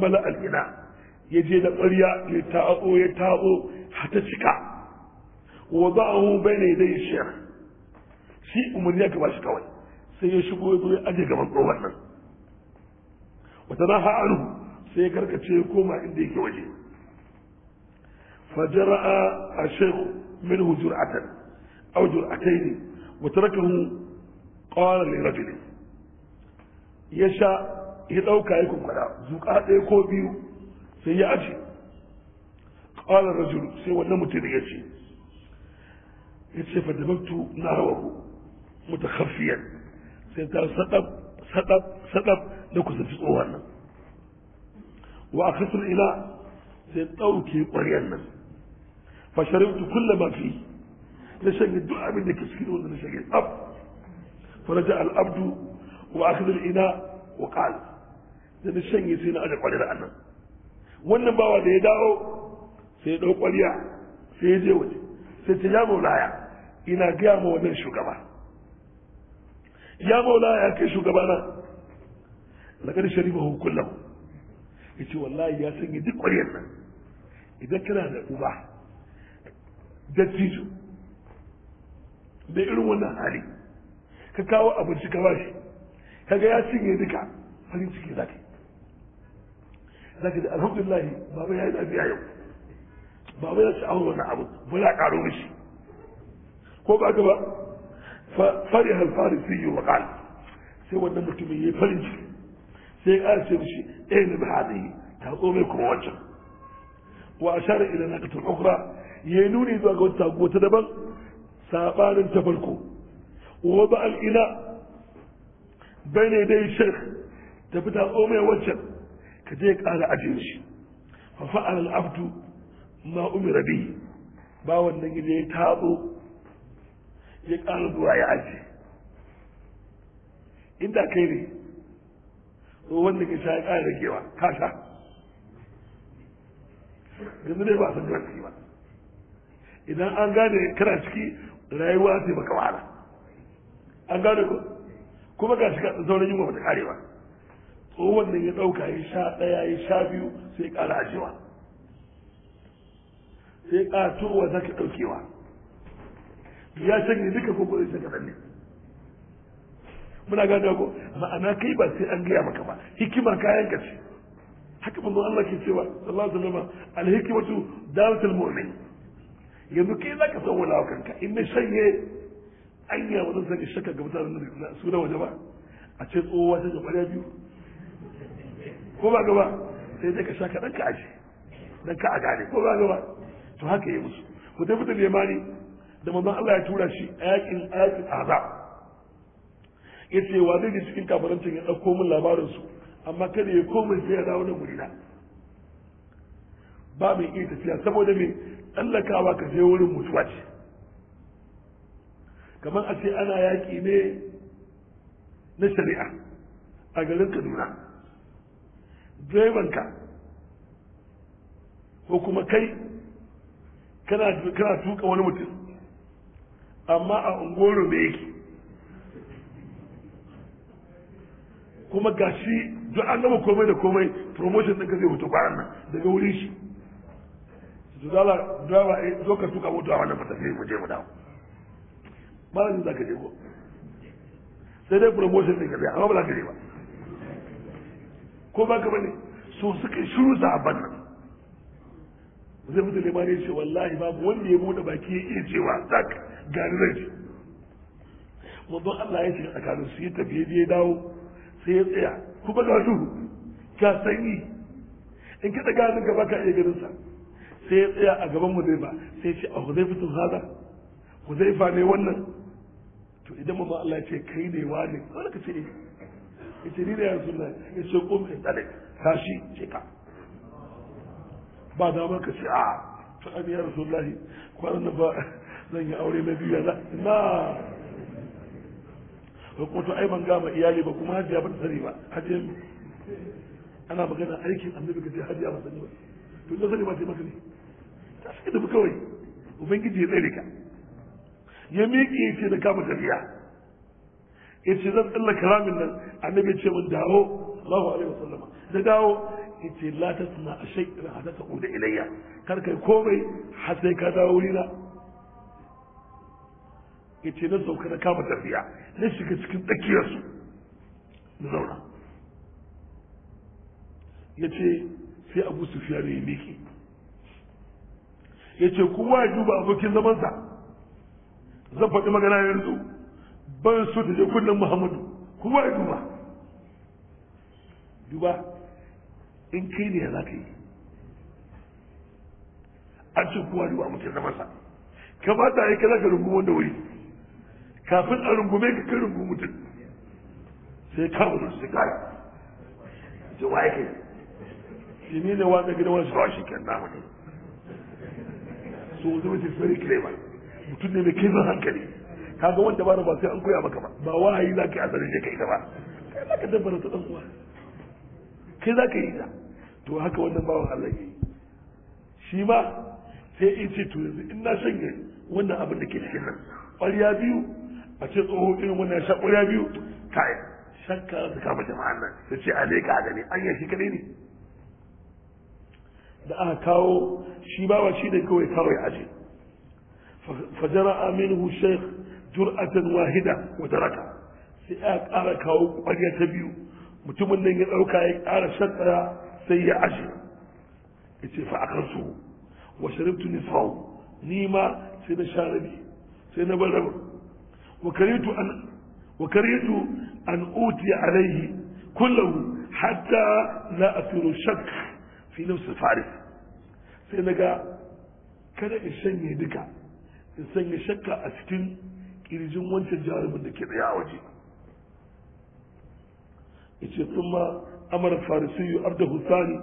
mala al-ina ya je da ƙwarya ya ta'o ya ta'o ta cika wa za a hu bai zai shi shi umarni ya gaba shi kawai sai ya shigo ya zo ya aje gaban tsohon nan wata na anhu sai ya karkace ya koma inda yake waje fajara'a a shekhu min hujur atan au ne wata rakahu ƙawara ne ya sha ya ɗauka ya kunkura zuƙa ɗaya ko biyu sai ya aje qala rajul sai wannan mutum ya ce ya ce fa dabaktu na hawahu mutakhaffiyan sai ta sadab sadab sadab da kusanci tsohon nan wa akhsul ila sai dauke ƙwaryan nan fa sharibtu kullu ma fi na shanye duk abin da ke cikin wanda na shanye tsaf fa al abdu wa akhsul ila wa qala da na shanye sai na aje ƙwaryan nan wannan bawa da ya dawo sai ya ɗau ƙwarya sai ya je waje sai ta ya maulaya ina gaya ma wannan shugaba ya maulaya kai shugaba na ƙarshe shari'a hukullahu ya ce wallahi ya sanya duk ƙwaryar nan idan kana da uba dattijo da irin wannan hali ka kawo abinci ka bashi kaga ya cinye duka farin ciki zaka Zaki da alhamdulillah baba yi lafiya yau baba ya sha'awar wani abu ba ya karo mishi ko ba ka ba fariha al-farisi wa qal sai wannan mutumin yayi farin ciki sai ya ce mishi eh ne ba hadi ta ko mai kuma wancan wa ashara ila naqatul ukhra yayi nuni zuwa ga wata ta daban sabanin ta farko wa ba al-ila bayna dai shaykh ta fita ko mai wancan ka je ƙara ajin shi fa fa'ala al-abdu ma umira bi ba wannan ya tabo ya ƙara zuwa ya aje inda kai ne wanda ka sha ya ƙara ragewa ka sha yanzu dai ba san da ba idan an gane kana ciki rayuwa sai baka wahala an gane ko kuma ga shi ka sauran yin wa mata ba. tsohon ya ɗauka ya sha ɗaya ya sha biyu sai ƙara ajewa sai ƙatowa za ka ɗaukewa ya shanye duka ko kuɗin shi kaɗan ne muna gada ko ma'ana kai ba sai an gaya maka ba hikima kayan ka ce haka manzon Allah ke cewa sallallahu alaihi wasallam alhikmatu dalatul mu'min yanzu kai zaka san wala kanka in mai sanye anya wannan sai shakka ga mutanen nan su da waje ba a ce tsohuwa ta gaba biyu ko ba gaba sai dai ka sha ka ka aje dan ka a gane ko ba gaba to haka ya musu ku tafi da limani da manzon Allah ya tura shi a yakin ayatul azab yace wa zai ji cikin kafarancin ya dauko min labarin su amma kada ya koma sai ya dawo da gurina ba mai iya tafiya saboda me tsallakawa ka je wurin mutuwa ce kamar a ce ana yaƙi ne na shari'a a garin kaduna direbanka ko kuma kai kana tuka wani mutum amma a ungoro me yake kuma gashi duk an gama komai da komai promotion ka zai fito kwanan nan daga wuri shi su zala driver eh zo ka tuka moto a wannan fatafi mu je mu dawo ba za ka je ko sai dai promotion ka zai amma ba za ka je ba ko ba ka bane so suka shiru a nan zai mutu ba ne ce wallahi babu wanda ya bude baki ya iya cewa ka gani zai ce manzon Allah ya shiga tsakanin su ya tafi ya dawo sai ya tsaya ba ga duhu ka sanyi in ka daga hannun gaba ka iya ganin sa sai ya tsaya a gaban mu zai ba sai ce a Huzaifa tun haza fa ne wannan to idan manzon Allah ya ce kai ne ne wani ka ce ne eh. yace ni da ya rasulullah yace qum intalik tashi ce ka ba da ba ka ce a ta abi ya rasulullah kwanan da ba zan yi aure mai biyu na na ko to ai ban gama iyali ba kuma hajiya ba ta sani ba hajiya ana magana aikin annabi ka ce hajiya ba sani ba to da sani ba ta maka ne ta sani da kawai ubangiji ya tsare ka ya miƙe ce da kama tafiya yace zan tsallaka karamin nan annabi ce mun dawo sallallahu alaihi wasallam da dawo yace la tasma shay in hadatha uda ilayya kar kai komai har sai ka dawo wurina yace na sauka na kama tafiya na shiga cikin tsakiyar su na zauna yace sai Abu Sufyan ya miki yace kuma ya duba abokin zamansa zan faɗi magana yanzu ban su da je nan muhammadu kuma ya duba duba in kai ne ya za ka yi an ce kowa duba mutum na masa kamata ya kira ka rungu wanda wuri kafin a rungu ka kakar rungu mutum sai ka wuri sai kai ce wa yake shi ne wa ta gina wani sawa shi kyan namu ne so wanda mutum sai kirema mutum ne mai kaifin hankali kaga wanda ba ba sai an koya maka ba ba wahayi za ka yi asalin ka ita ba kai ma ka dabbara ta dan uwa kai za ka yi ta to haka wannan bawan Allah ya yi shi ma sai in ce to yanzu in na shanye wannan abin da ke cikin nan ƙwarya biyu a ce tsoho irin wannan sha ƙwarya biyu kai shakka da kama jama'an nan su ce a ka a gani an yashi kadai ne da aka kawo shi bawa shi ne kawai kawai aje fajara aminu sheikh jur'atan wahida wa taraka sai ya ƙara kawo ƙwarya ta biyu mutumin nan ya ɗauka ya ƙara shattara sai ya ashe ya ce fa'akar su wa sharibtu nisfahu ni ma sai na sha rabi sai na bar rabin wa karitu an wa alaihi kullahu hatta la asiru shak fi nafsi faris sai naga kada in shanye duka in sanya shakka a cikin kirjin wancan jarumin da ke tsaye a waje yace amar farisiyu abda husani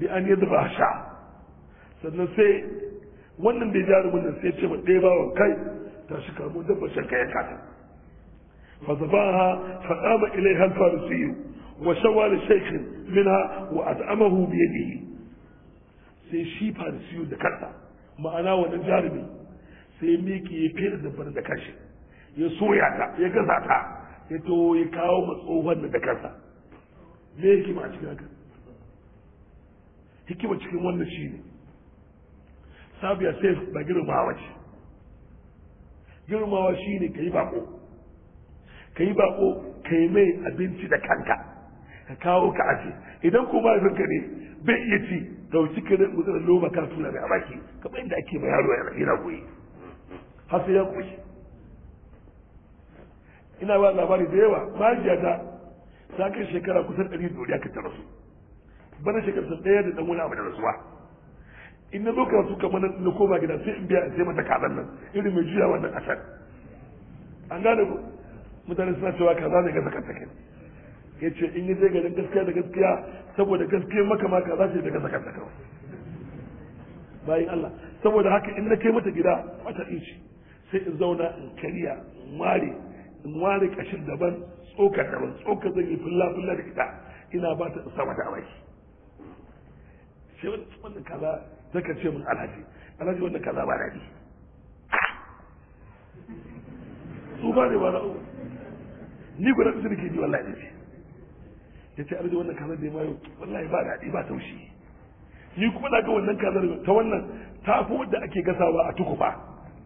bi an yadda ba sha sannan sai wannan bai jarumin da sai ce ma ɗaya bawan kai shi kamo dabba shanka ya kata فذبحها shekin إليها الفارسي وسوى لشيخ منها وأطعمه بيده sai shi farisiyo da kansa ma'ana wannan jarumi sai miki ya fere da da kashi ya soya ta ya gasa ta ya to ya kawo matsohon da kansa me hikima a cikin haka hikima cikin wannan shi ne sabiya sai ba girmawa ce girmawa shi ne ka yi bako ka yi bako ka yi mai abinci da kanka ka kawo ka aje idan ko ba zanka ne bai iya ci dauki ka da mutum da loma ka tuna a baki kamar inda ake ma yaro yana goyi har sai ya koshi ina ba labari da yawa mahaifiyata ta kai shekara kusan ɗari da wuriya ka ta rasu bana shekara ɗaya da ɗan wani abu da rasuwa in na zo karatu kamar na koma gida sai in biya in sai mata kazan nan irin mai juya wannan a an gane ku mutane suna cewa kaza ne ga kanta kai ya ce in yi zai garin gaskiya da gaskiya saboda gaskiya maka ma kaza ce daga gaza kanta kai bayan Allah saboda haka in na kai mata gida mata inci sai in zauna in kariya in mare in ware kashin daban tsoka daban tsoka zan yi fulla fulla da ita ina ba ta sama da amai sai wanda kaza zaka ce mun alhaji alhaji wannan kaza ba su tsufa ne ba na uku ni gwada su ke ji wallahi ne ya ce alhaji wannan kaza da ya mayo wallahi ba daɗi ba taushi ni kuma na ga wannan kaza ta wannan ta fi wadda ake gasawa a tukufa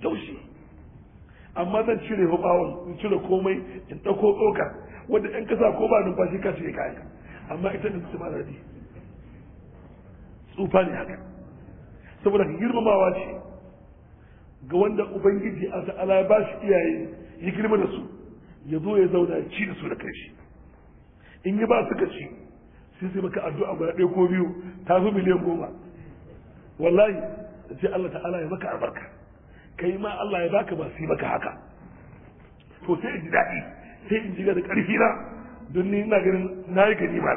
taushi amma zan cire fa in cire komai in ɗauko tsokar wanda ɗan kasa ko ba numfashi ka cire kayan ka amma ita din su ba daɗi tsufa ne haka saboda girmamawa ce ga wanda ubangiji a ta'ala ba shi iyaye ya girma da su ya zo ya zauna ya ci da su da kanshi in yi ba ka ci sai sai maka addu'a guda ɗaya ko biyu ta zo miliyan goma wallahi sai Allah ta'ala ya maka albarka kai ma Allah ya baka ba su yi maka haka to sai in ji daɗi sai in ji da ƙarfi na don ni ina ganin na yi gani ba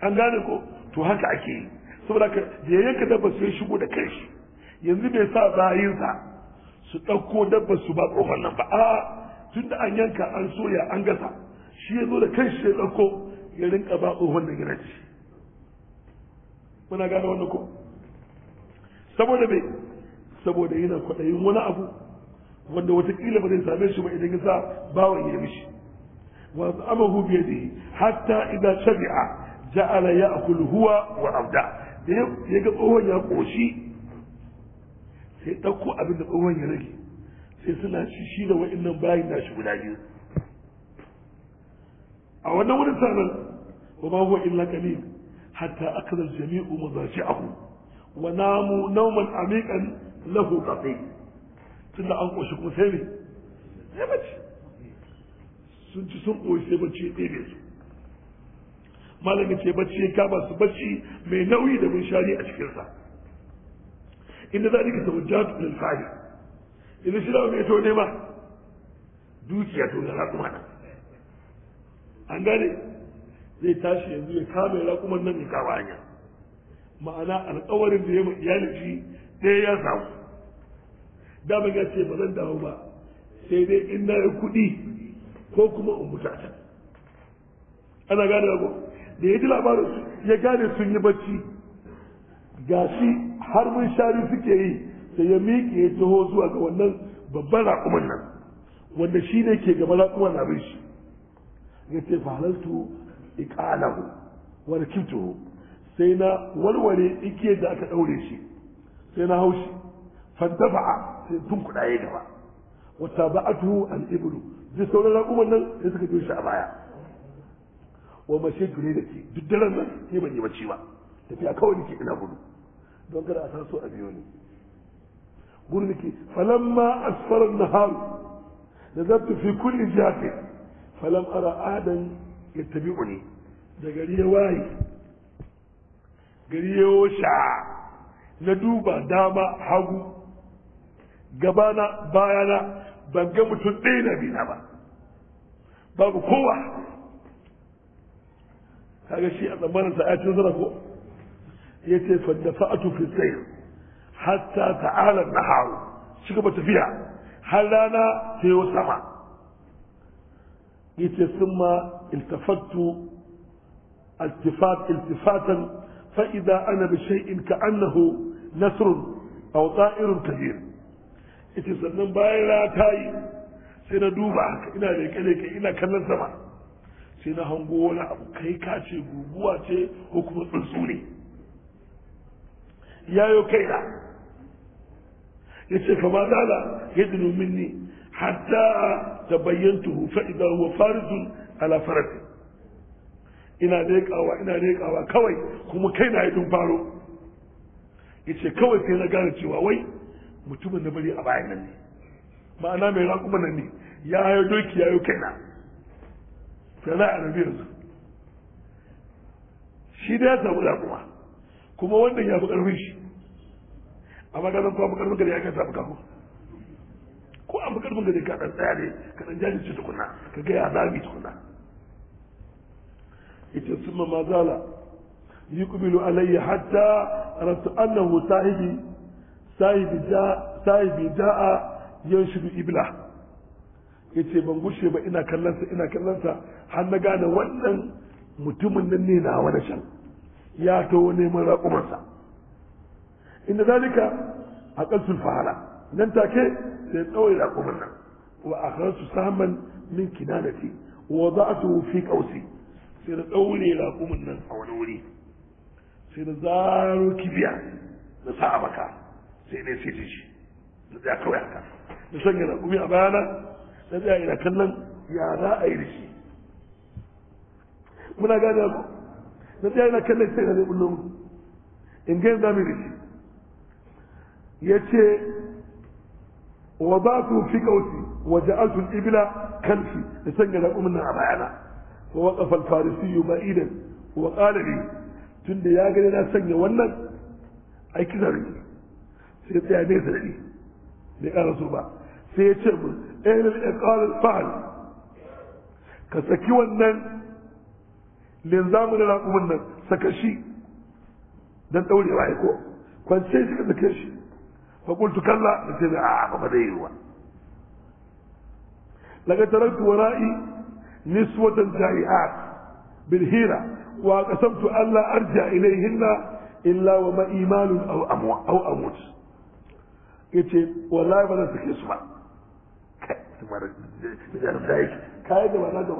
an gane ko to haka ake yi saboda ka da yanka dabba su ya shigo da kai shi yanzu bai sa bayinsa su ɗauko dabba su ba ƙofar nan ba a tun da an yanka an soya an gasa shi ya zo da kai shi ya ɗauko ya rinka ba ƙofar nan yana ci muna gane wannan ko saboda bai saboda yana kwaɗayin wani abu wanda watakila ba zai same shi ba idan ya sa bawan ya mishi wa amahu bi yadihi hatta idza shabi'a ja'ala ya'kul huwa wa abda da ya ga tsohon ya koshi sai ɗauko abin da tsohon ya rage sai suna ci shi da wa'annan bayin nashi guda biyu a wannan wurin sanar wa ma huwa illa qalil hatta akala jamiu mudhaji'ahu wa namu nawman amikan lahu qatin tunda an koshi kuma sai ne sai bace sun ci sun koshi sai bacci ya ɗebe su malamin ce bacci ya kama su bacci mai nauyi da mun shari a cikinsa inda za a rika sabon jatu da tsari inda shi da mai to ba dukiya to da rakuma na. an gane zai tashi yanzu ya kama ya rakuman nan ya kawo hanya ma'ana alƙawarin da ya ma iyalin shi ɗaya ya samu da ban ga ce ba zan dawo ba sai dai in na kuɗi ko kuma in mutu a ana gane ko da ya ji labarin ya gane sun yi bacci shi har mun shari suke yi sai ya miƙe ya taho zuwa ga wannan babban raƙuman nan wanda shi ne ke gaba raƙuman abin shi ya ce fahalaltu iqalahu wani rakibtuhu sai na warware ike da aka ɗaure shi sai na haushi fantafa'a sai tun kuɗaye gaba wata ba'atuhu an iblu duk sauran raƙuman nan sai suka biyo shi a baya wa mashe gure da ke duk daren nan sai ban yi mace ba tafiya kawai nake ina gudu don kada a taso a biyo ni gudu nake falamma asfarar nahar da zartu fi kulli jihati falam ara adan ne. da gari ya waye gari ya sha na duba dama hagu gabana bayana ban ga mutum ɗaya na bina ba babu kowa kaga shi a tsammanin sa ayacin sana ko ya ce fadafa'atu fi sayr hatta ta'ala naharu shi gaba tafiya har rana ta yi sama ya ce sun ma iltafattu التفات التفاتا فإذا أنا بشيء كأنه nasrun aw ta'irun kabir ita sannan bayan ratayi sai na duba haka ina leke leke ina kallon sama sai na hango wani abu kai ka ce guguwa ce ko kuma tsuntsu ne yayo kaina ya ce fa ma zala yadnu minni hatta tabayyantuhu fa idza huwa faridun ala farati ina leƙawa ina leƙawa kawai kuma kai na yi faro ya ce kawai sai na gane cewa wai mutumin na bari a bayan nan ne ma'ana mai raƙuma nan ne ya hayo doki ya hayo kaina sai za a rabi yanzu shi da ya samu raƙuma kuma wannan ya fi ƙarfin shi a ka zan kwafi ƙarfin gari ya kai samu kafin ko an fi ƙarfin gari ka ɗan tsaya ne ka ɗan jajirce tukuna ka gaya ya zami tukuna ita sun ma zala يقبل علي حتى عرفت أنه صاحبي صاحبي جاء صاحبي جاء ينشد إبله yace ban gushe ba ina kallonsa ina kallonsa har na gane wannan mutumin nan ne na wani shan ya taho neman raƙumarsa inda zalika a ƙasul fara nan take sai tsawai raƙumar nan wa akharsu saman min kinanati wa wada'atuhu fi qawsi sai na tsaure raƙumin nan a wani wuri sai na zaro kibiya na sa a baka sai ne sai ta shi na tsaya kawai haka na son yana kumi a bayana na tsaya ina kallon ya za a yi da shi muna gane ku na tsaya ina kallon sai na zai mu in ga za mu da shi ya ce wa ba su fi kauti wa ja'altu ibila kalfi da sanya na kumin na a bayana wa waqafa al-farisi idan wa qala tunda ya gani na sanya wannan aiki kisa rike sai tsaya ne sai bai ƙara so ba sai ya ce mu ainihin iqalul fa'al ka saki wannan linzamu da raƙumin nan saka shi don ɗaurewa ya ko Kwanci shi ka sake shi fakultu kalla da ce a ba zai yi ruwa daga taraktu wara'i niswatan jari'at bil hira wa qasamtu alla arja ilayhinna illa wa ma imanun amu yace wallahi ba zan sake kai su mara da yake kai da wala da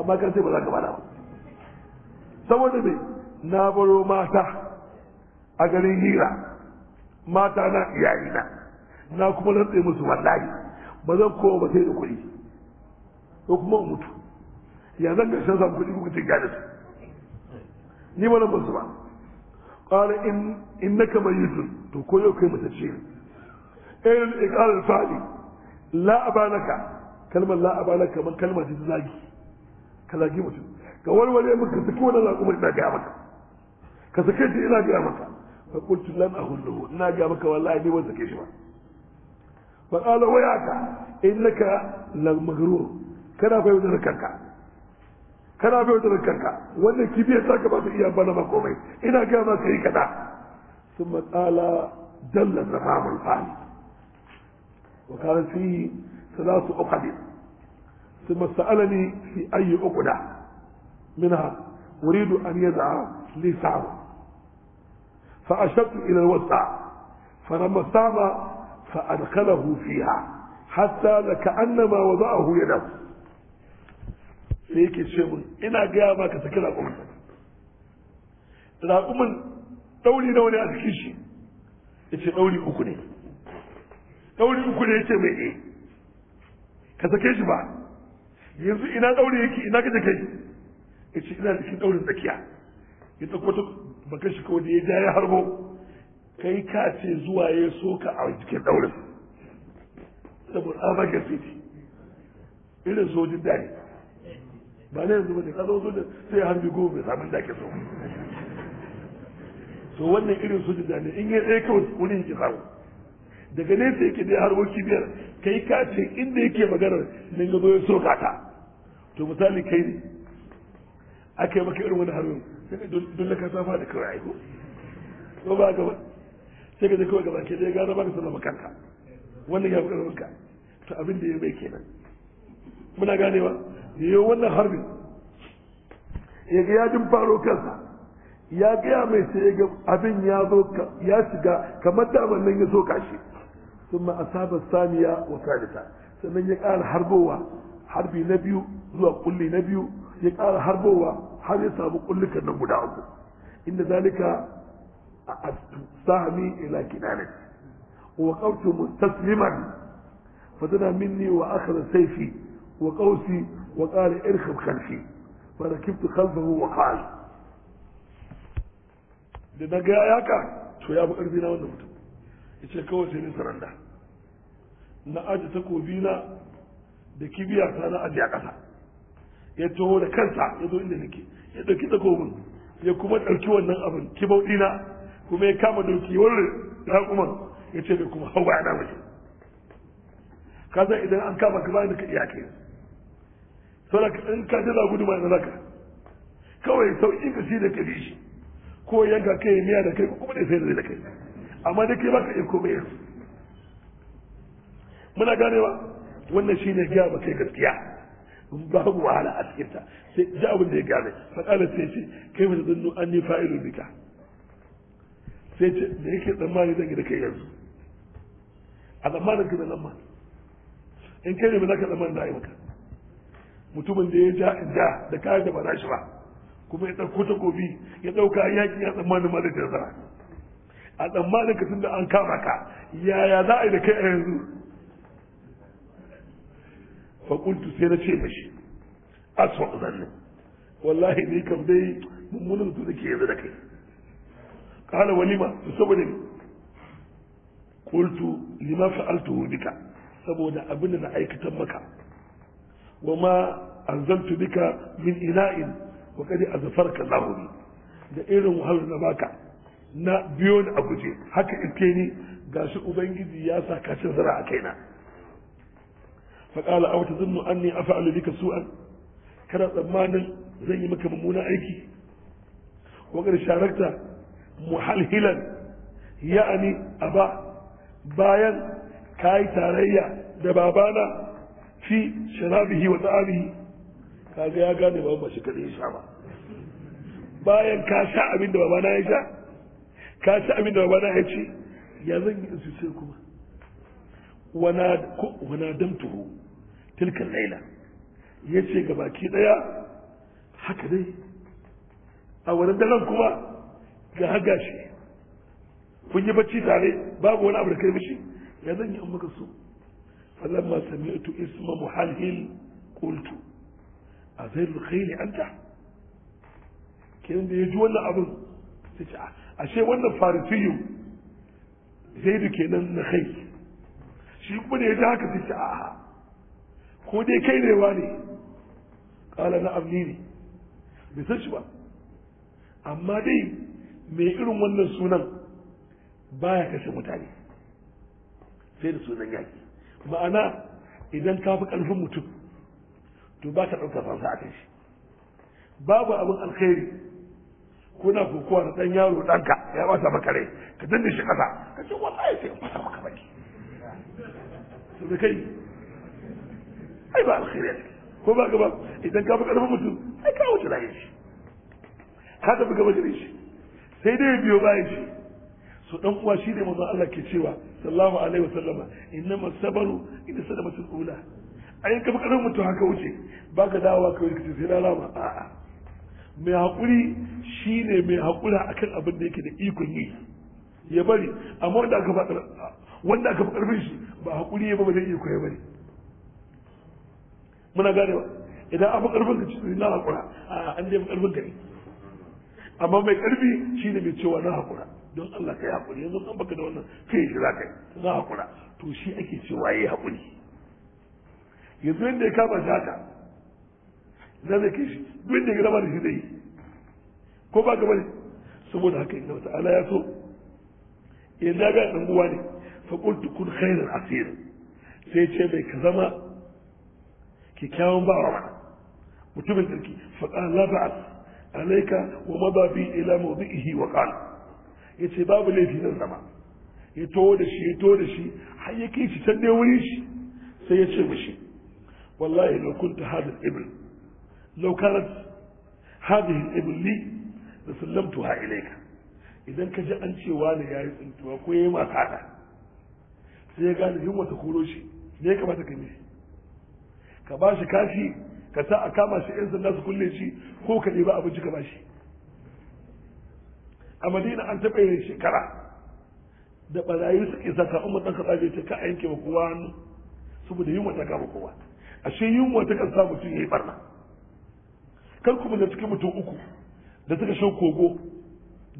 amma kan sai ba za ka bada ba saboda me na baro mata a garin hira mata na iyayina na na kuma rantse musu wallahi ba zan kowa ba sai da kuɗi ko kuma mutu ya zan ga shan samu kuɗi kuka ce gane su ni ba na ba su in qala in innaka mayyitun to ko yau kai mutacce ce eh, irin iqalul fa'li la abanaka kalmar la abanaka man kalmar da zagi ka zagi mutum ka walwale ka ta wani laƙumar ina gaya maka ka sake shi ina gaya maka fa qultu lan ahulluhu ina gaya maka wallahi ni ban sake shi ba fa qala wayaka innaka la maghrur kana fa da kanka kana bai da kanka wannan kibiyar ta gaba ta iya bana makomai ina ga ma kai kada sun matsala dalla sahamul fali wa kana fi salatu uqad ثم سألني في أي عقدة منها أريد أن يدعى لي سعوة فأشرت إلى الوسع فلما استعمى فأدخله فيها حتى لكأنما وضعه يده sai yake ce mun ina gaya ma ka saki raƙumin raƙumin ɗauri na wani a cikin shi ya ce ɗauri uku ne ɗauri uku ne ya ce mai e ka sake shi ba yanzu ina ɗauri yake ina ka kai ya ce ina cikin ɗaurin tsakiya ya ta ta baka shi kawai da ya ja ya harbo kai ka ce zuwa ya so ka a cikin ɗaurin saboda an rage fiti irin sojin dare ba ne yanzu bane ka zo soja sai ya harbi goma samun da ke so so wannan irin su da ne in ya tsaye kawai wani yake samu daga sai yake dai wuki biyar kai ka ce inda yake maganar nan ga ya soka ta to misali kai ne aka yi maka irin wani harbin sai ka dole ka safa da kawai aiko ko ba gaba sai ka je kawai gaba ke dai gara ba ka sallama kanka wannan ya fi karfinka to abin da ya bai kenan muna ganewa ya wannan harbi ya ga yajin faro kansa ya gaya mai sai ga abin ya zo ya shiga kamar damar nan ya zo kashi sun asaba saniya wa salisa sannan ya ƙara harbowa harbi na biyu zuwa kulli na biyu ya ƙara harbowa har ya samu kullukan nan guda uku inda zalika a astu sami ila kinanin wa kautu mustasliman fa tana minni wa akhra sayfi wa qawsi وقال اركب خلفي فركبت خلفه وقال da na ga yaka to ya fi ƙarfi na wannan mutum ya ce kawai sai ni saranda na aji takobi na da kibiya ta na aji a ƙasa ya taho da kansa ya zo inda nake ya ɗauki takobin ya kuma ɗauki wannan abin kibau ɗina kuma ya kama doki wani raƙuman ya ce bai kuma hau ba na mace ka san idan an kama ka bayan da ka iya kai saboda in ka ji za gudu ba zaka kawai sauƙin ka shi da ka bi shi ko yanka kai miya da kai ko kuma dai sai da kai amma da kai baka iya komai yanzu muna ganewa wannan shine gaya ba kai gaskiya babu wahala a cikin ta sai ji abin da ya gane fadalar sai ce kai mai zannu an ni fa'ilun bika sai ce da yake tsammani zan yi da kai yanzu a tsammanin ka da nan ma in kai ne ba za ka tsammanin da a yi maka mutumin da ya ja in ja da kayan da ba za shi ba kuma ya ɗauko takobi ya ɗauka yaƙi ya tsammanin ma da nasara a tsammanin ka da an kama ka yaya za a yi da kai a yanzu fakultu sai na ce mashi aswa zannin wallahi ni kam dai mummunan su da ke yanzu da kai kala walima su saboda ne kultu lima fa'altuhu bika saboda abin da na aikatan maka وما أنزلت بك من إناء وقد أزفرك الله لي da irin wahalar na baka na biyo ni a guje haka irke ni gashi ubangiji ya sa ka zara a kaina fa qala aw tazunnu anni af'alu bika su'an kada tsammanin zan yi maka mummuna aiki wa qad sharakta muhalhilan ya'ni aba bayan kai tarayya da babana fi sharabihi wa ta'amihi kaga ya gane ba ba shi ya sha ba bayan ka sha abin da babana ya sha ka sha abin da babana ya ci ya zan yi su sai kuma wana wana damtuhu tilkan laila ya ce ga baki daya haka dai a wani daren kuma ga haga shi kun yi bacci tare babu wani abu da kai mishi ya zan yi an maka su فلما سمعت اسم محلهل قلت wannan الخيل أنت كان يجي ولا أبو أشي ولا فارسي زيد كان نخيل shi kuma da ya haka sai a ko dai kai ne wa ne kala na amni bai san shi ba amma dai mai irin wannan sunan baya kashe mutane sai ma'ana idan ka fi ƙarfin mutum to ba ka ɗaukar fansa a shi babu abin alkhairi kuna kokowa da ɗan yaro ɗanka ya ba maka rai ka danne shi ƙasa ka ce wallahi sai in fasa maka baki to da kai ai ba alkhairi ko ba gaba idan ka fi ƙarfin mutum ai ka wuce layin shi ka tafi gaba shi sai dai biyo bayan shi su ɗan uwa shi ne mazan Allah ke cewa sallallahu alaihi wasallama ma sabaru ina sadamatul ula ayi ka bakarin mutu haka wuce ba ka dawowa kawai ka ce sai na rama a'a mai haƙuri shine mai haƙura akan abin da yake da ikon yi ya bari amma wanda aka faɗa wanda aka faɗa shi ba haƙuri ya ba zai iya koya bari muna ganewa idan abu karfin ka cikin na haƙura a an dai karfin ka ne amma mai ƙarfi shine mai cewa na haƙura don Allah kai hakuri yanzu an baka da wannan kai shi za ka yi za kura to shi ake cewa yayi hakuri yanzu inda ya kama shi haka za zai kai duk inda ya gaba da shi zai yi ko ba gaba ne saboda haka inda wata ala ya so yanzu eh, na ga ɗan uwa ne fa qultu kun khairan asir sai ce mai ka zama kyakkyawan ba wa mutumin sarki fa qala la ba'as alayka wa mada bi ila mawdihi wa qala ya ce babu laifi zan zama ya to da shi ya to da shi har ya kai shi can ne wuri shi sai ya ce mishi wallahi law kunta hadha ibn ibl law kanat hadhihi ibn li la sallamtuha ilayka idan ka ji an ce wani yayi tsintuwa ko yayi mata hada sai ya gane yunwa ta koro shi me ya kamata ka ka ba kashi ka sa a kama shi yan sanda su kulle shi ko ka ɗiba abinci ka bashi. a madina an taɓa yin shekara da barayi suka isa ka umar ɗan kaɗa ce ka yanke wa kowa hannu saboda yunwa ta kama kowa ashe yunwa ta kan sa mutum ya yi barna Kan kuma da cikin mutum uku da suka shan kogo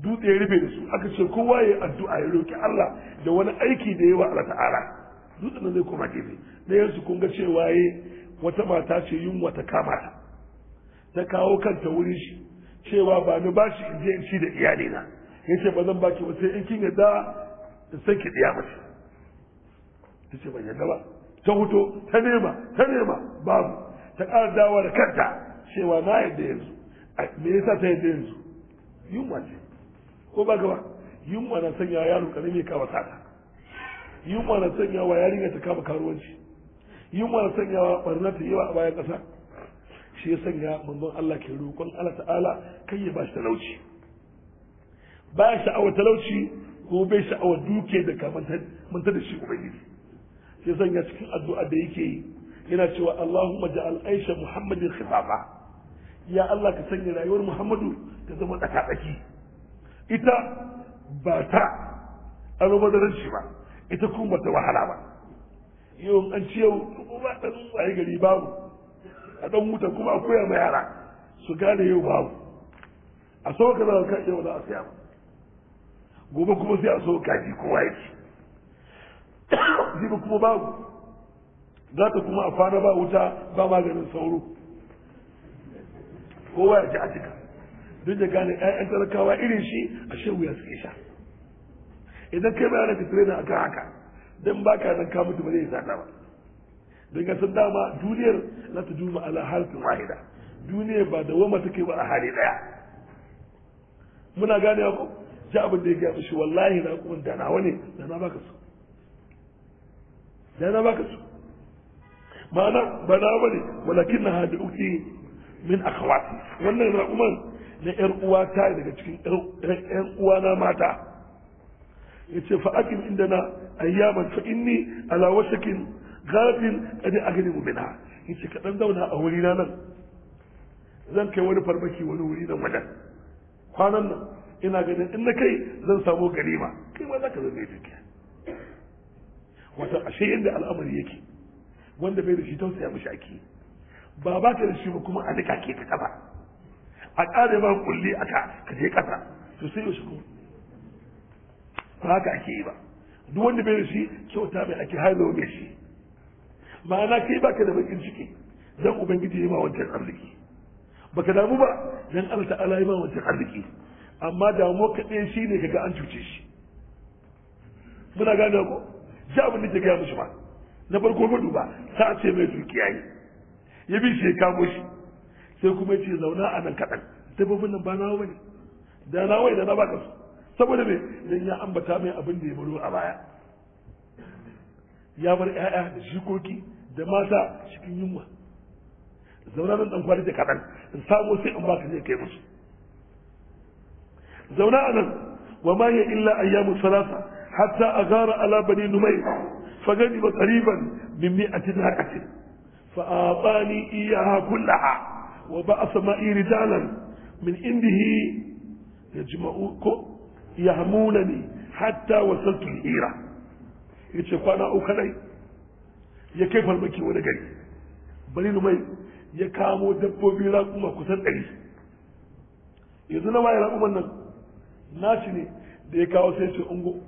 dutse ya rufe da su aka ce kowa ya yi addu'a ya roki Allah da wani aiki da yawa Allah ta'ala dutsen nan zai koma gefe da yansu kun ga cewa ya wata mata ce yunwa ta kama ta ta kawo kanta wurin shi cewa ba ni bashi in je in ci da iyalina ce ba zan baki ba sai in kin yadda in san ki diya mace ce ban yadda ba ta huto ta nema ta nema babu ta ƙara dawa da kanta cewa na yadda yanzu me yasa ta yadda yanzu yunwa ce ko ba gaba yunwa na sanya yaro karami ya kama sata yunwa na sanya wa yarinya ta kama karuwanci yunwa na sanya wa barna ta yawa a bayan ƙasa shi ya sanya manzon Allah ke roƙon Allah ta'ala kai ya bashi talauci ba ya sha'awar talauci ko bai sha'awar duke da ka manta da shi yi? shi ya sanya cikin addu'a da yake yi yana cewa Allahumma ja'al Aisha Muhammadin khifafa ya Allah ka sanya rayuwar Muhammadu ta zama tsakatsaki ita ba ta almubadaranci ba ita kuma ta wahala ba yau an ce yau ba ɗan nuna gari babu a dan wuta kuma a koya ma yara su gane yau babu a so ka zama kan yau za a siya gobe kuma sai a so kaji kowa ya ci jibi kuma babu za ta kuma a fara ba wuta ba maganin sauro kowa ya ci a cika duk da gane 'ya'yan talakawa irin shi a shan wuya suke sha idan kai bayanan ka tirena akan haka don baka nan ka mutu ba zai sata ba daga sun dama duniyar na ta juma ala harfin wahida duniyar ba da wama take ba a hali daya muna gane ko ji abin da ya gaya shi wallahi na kuma da na ne da na baka su da na baka su ma'ana ba na wani walakin na hadu uki min akhawati wannan raƙuman na ƴar uwa ta daga cikin yan uwa na mata yace fa akin indana ayyaman fa inni ala wasakin gafil kadi mu minha yace ka dan zauna a wuri na nan zan kai wani farmaki wani wuri nan wajen kwanan nan ina ganin in na kai zan samu garima kai ma za ka zama yadda wata ashe inda al'amari yake wanda bai da shi tausaya mishi ake ba ba ka da shi ba kuma a nika ke ta ba a ƙare ba kulli a ka ka je kasa to sai yaushe ko ba haka ake yi ba duk wanda bai da shi kyauta mai ake hailo mai shi ma'ana kai ka da bakin ciki dan ubangiji ya ma wancan arziki baka damu ba dan Allah ta'ala ya ma wancan arziki amma damuwa kaɗai shi ne ga an cuce shi muna gane ko ji abin da ke gaya musu ba na farko gudu ba ta ce mai dukiya ya bi shi ya kamo shi sai kuma ce zauna a nan kaɗan dabbobin nan ba na hawa ne da na hawa da na baka su saboda me dan ya ambata mai abin da ya baro a baya ya bar 'ya'ya da shikoki da mata cikin yunwa zauna nan dan da kaɗan in samu sai in baka ne kai musu zauna a nan wa ma ya illa ayyamu salasa hatta gara ala bani numai fa gani ba qariban min mi'atin hakatin fa abani iyaha kullaha wa ba'atha ma'i rijalan min indihi yajma'u ko yahmunani hatta wasaltu al-hira yace kwana uku ya kai farmaki wani gari bari mai ya kamo dabbobi raƙuma kusan ɗari yanzu na waye raƙuman nan shi ne da ya kawo sai ce ungo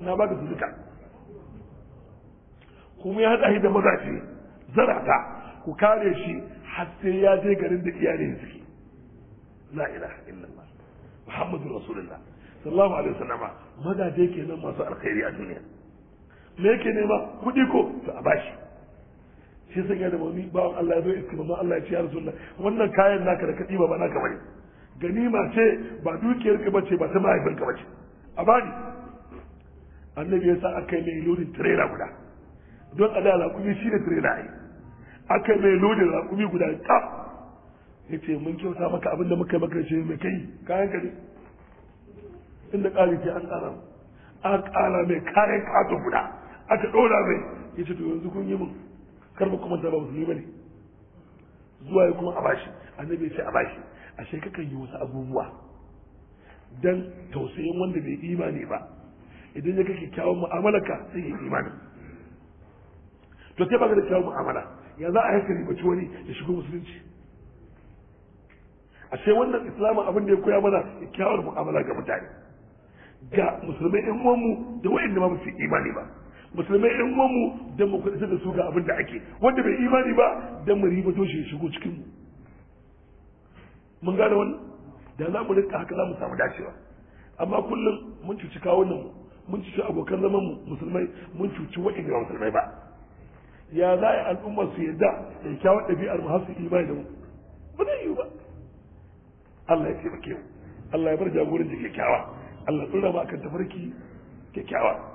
na da su duka kuma ya haɗa da da mazaje zarata ku kare shi har sai ya je garin da iyalin suke la ilaha illallah muhammadu rasulullah sallallahu alaihi wasallama ke kenan masu alkhairi a duniya me yake nema kuɗi ko to a bashi shi sun yi da wani Allah ya zo iske mamman Allah ya ce ya rasulullah wannan kayan naka da kaɗi ba naka bane ganima ce ba dukiyar ka bace ba ta mahaifin ka bace a bani annabi ya sa aka yi mai lodin tirela guda don a da raƙumi shi ne tirela ai aka yi mai lodin raƙumi guda ta ya ce mun kyauta maka abin da muka yi maka shi mai kai kayan ka ne inda ƙari ke an ƙara a ƙara mai kayan ƙato guda aka ɗora mai ya ce to yanzu kun yi min karɓa kuma ta ba musulmi ba ne zuwa ya kuma a bashi annabi ya ce a bashi ashe kakan yi wasu abubuwa dan tausayin wanda bai imani ba idan ya kake kyawun mu'amalarka sai ya imani to sai baka da kyawun mu'amala ya za a yi ka ribaci wani ya shigo musulunci ashe wannan islamin abin da ya koya mana kyawun mu'amala ga mutane ga musulmai ɗan uwanmu da wayanda ma ba su imani ba musulmai yan uwanmu don mu kuɗi da su ga abin da ake wanda bai imani ba don mu riba toshe ya shigo cikin mu mun gane wannan da za mu rika haka za mu samu dacewa amma kullum mun cuci kawunan mu mun cuci abokan zaman mu musulmai mun cuci waɗanda ba musulmai ba ya za a yi al'ummar su yadda da kyawun ɗabi'ar mu har su imani da mu ba zai yiwu ba Allah ya taimake mu Allah ya bar jagoran da kyakkyawa Allah tsura ma kan tafarki kyakkyawa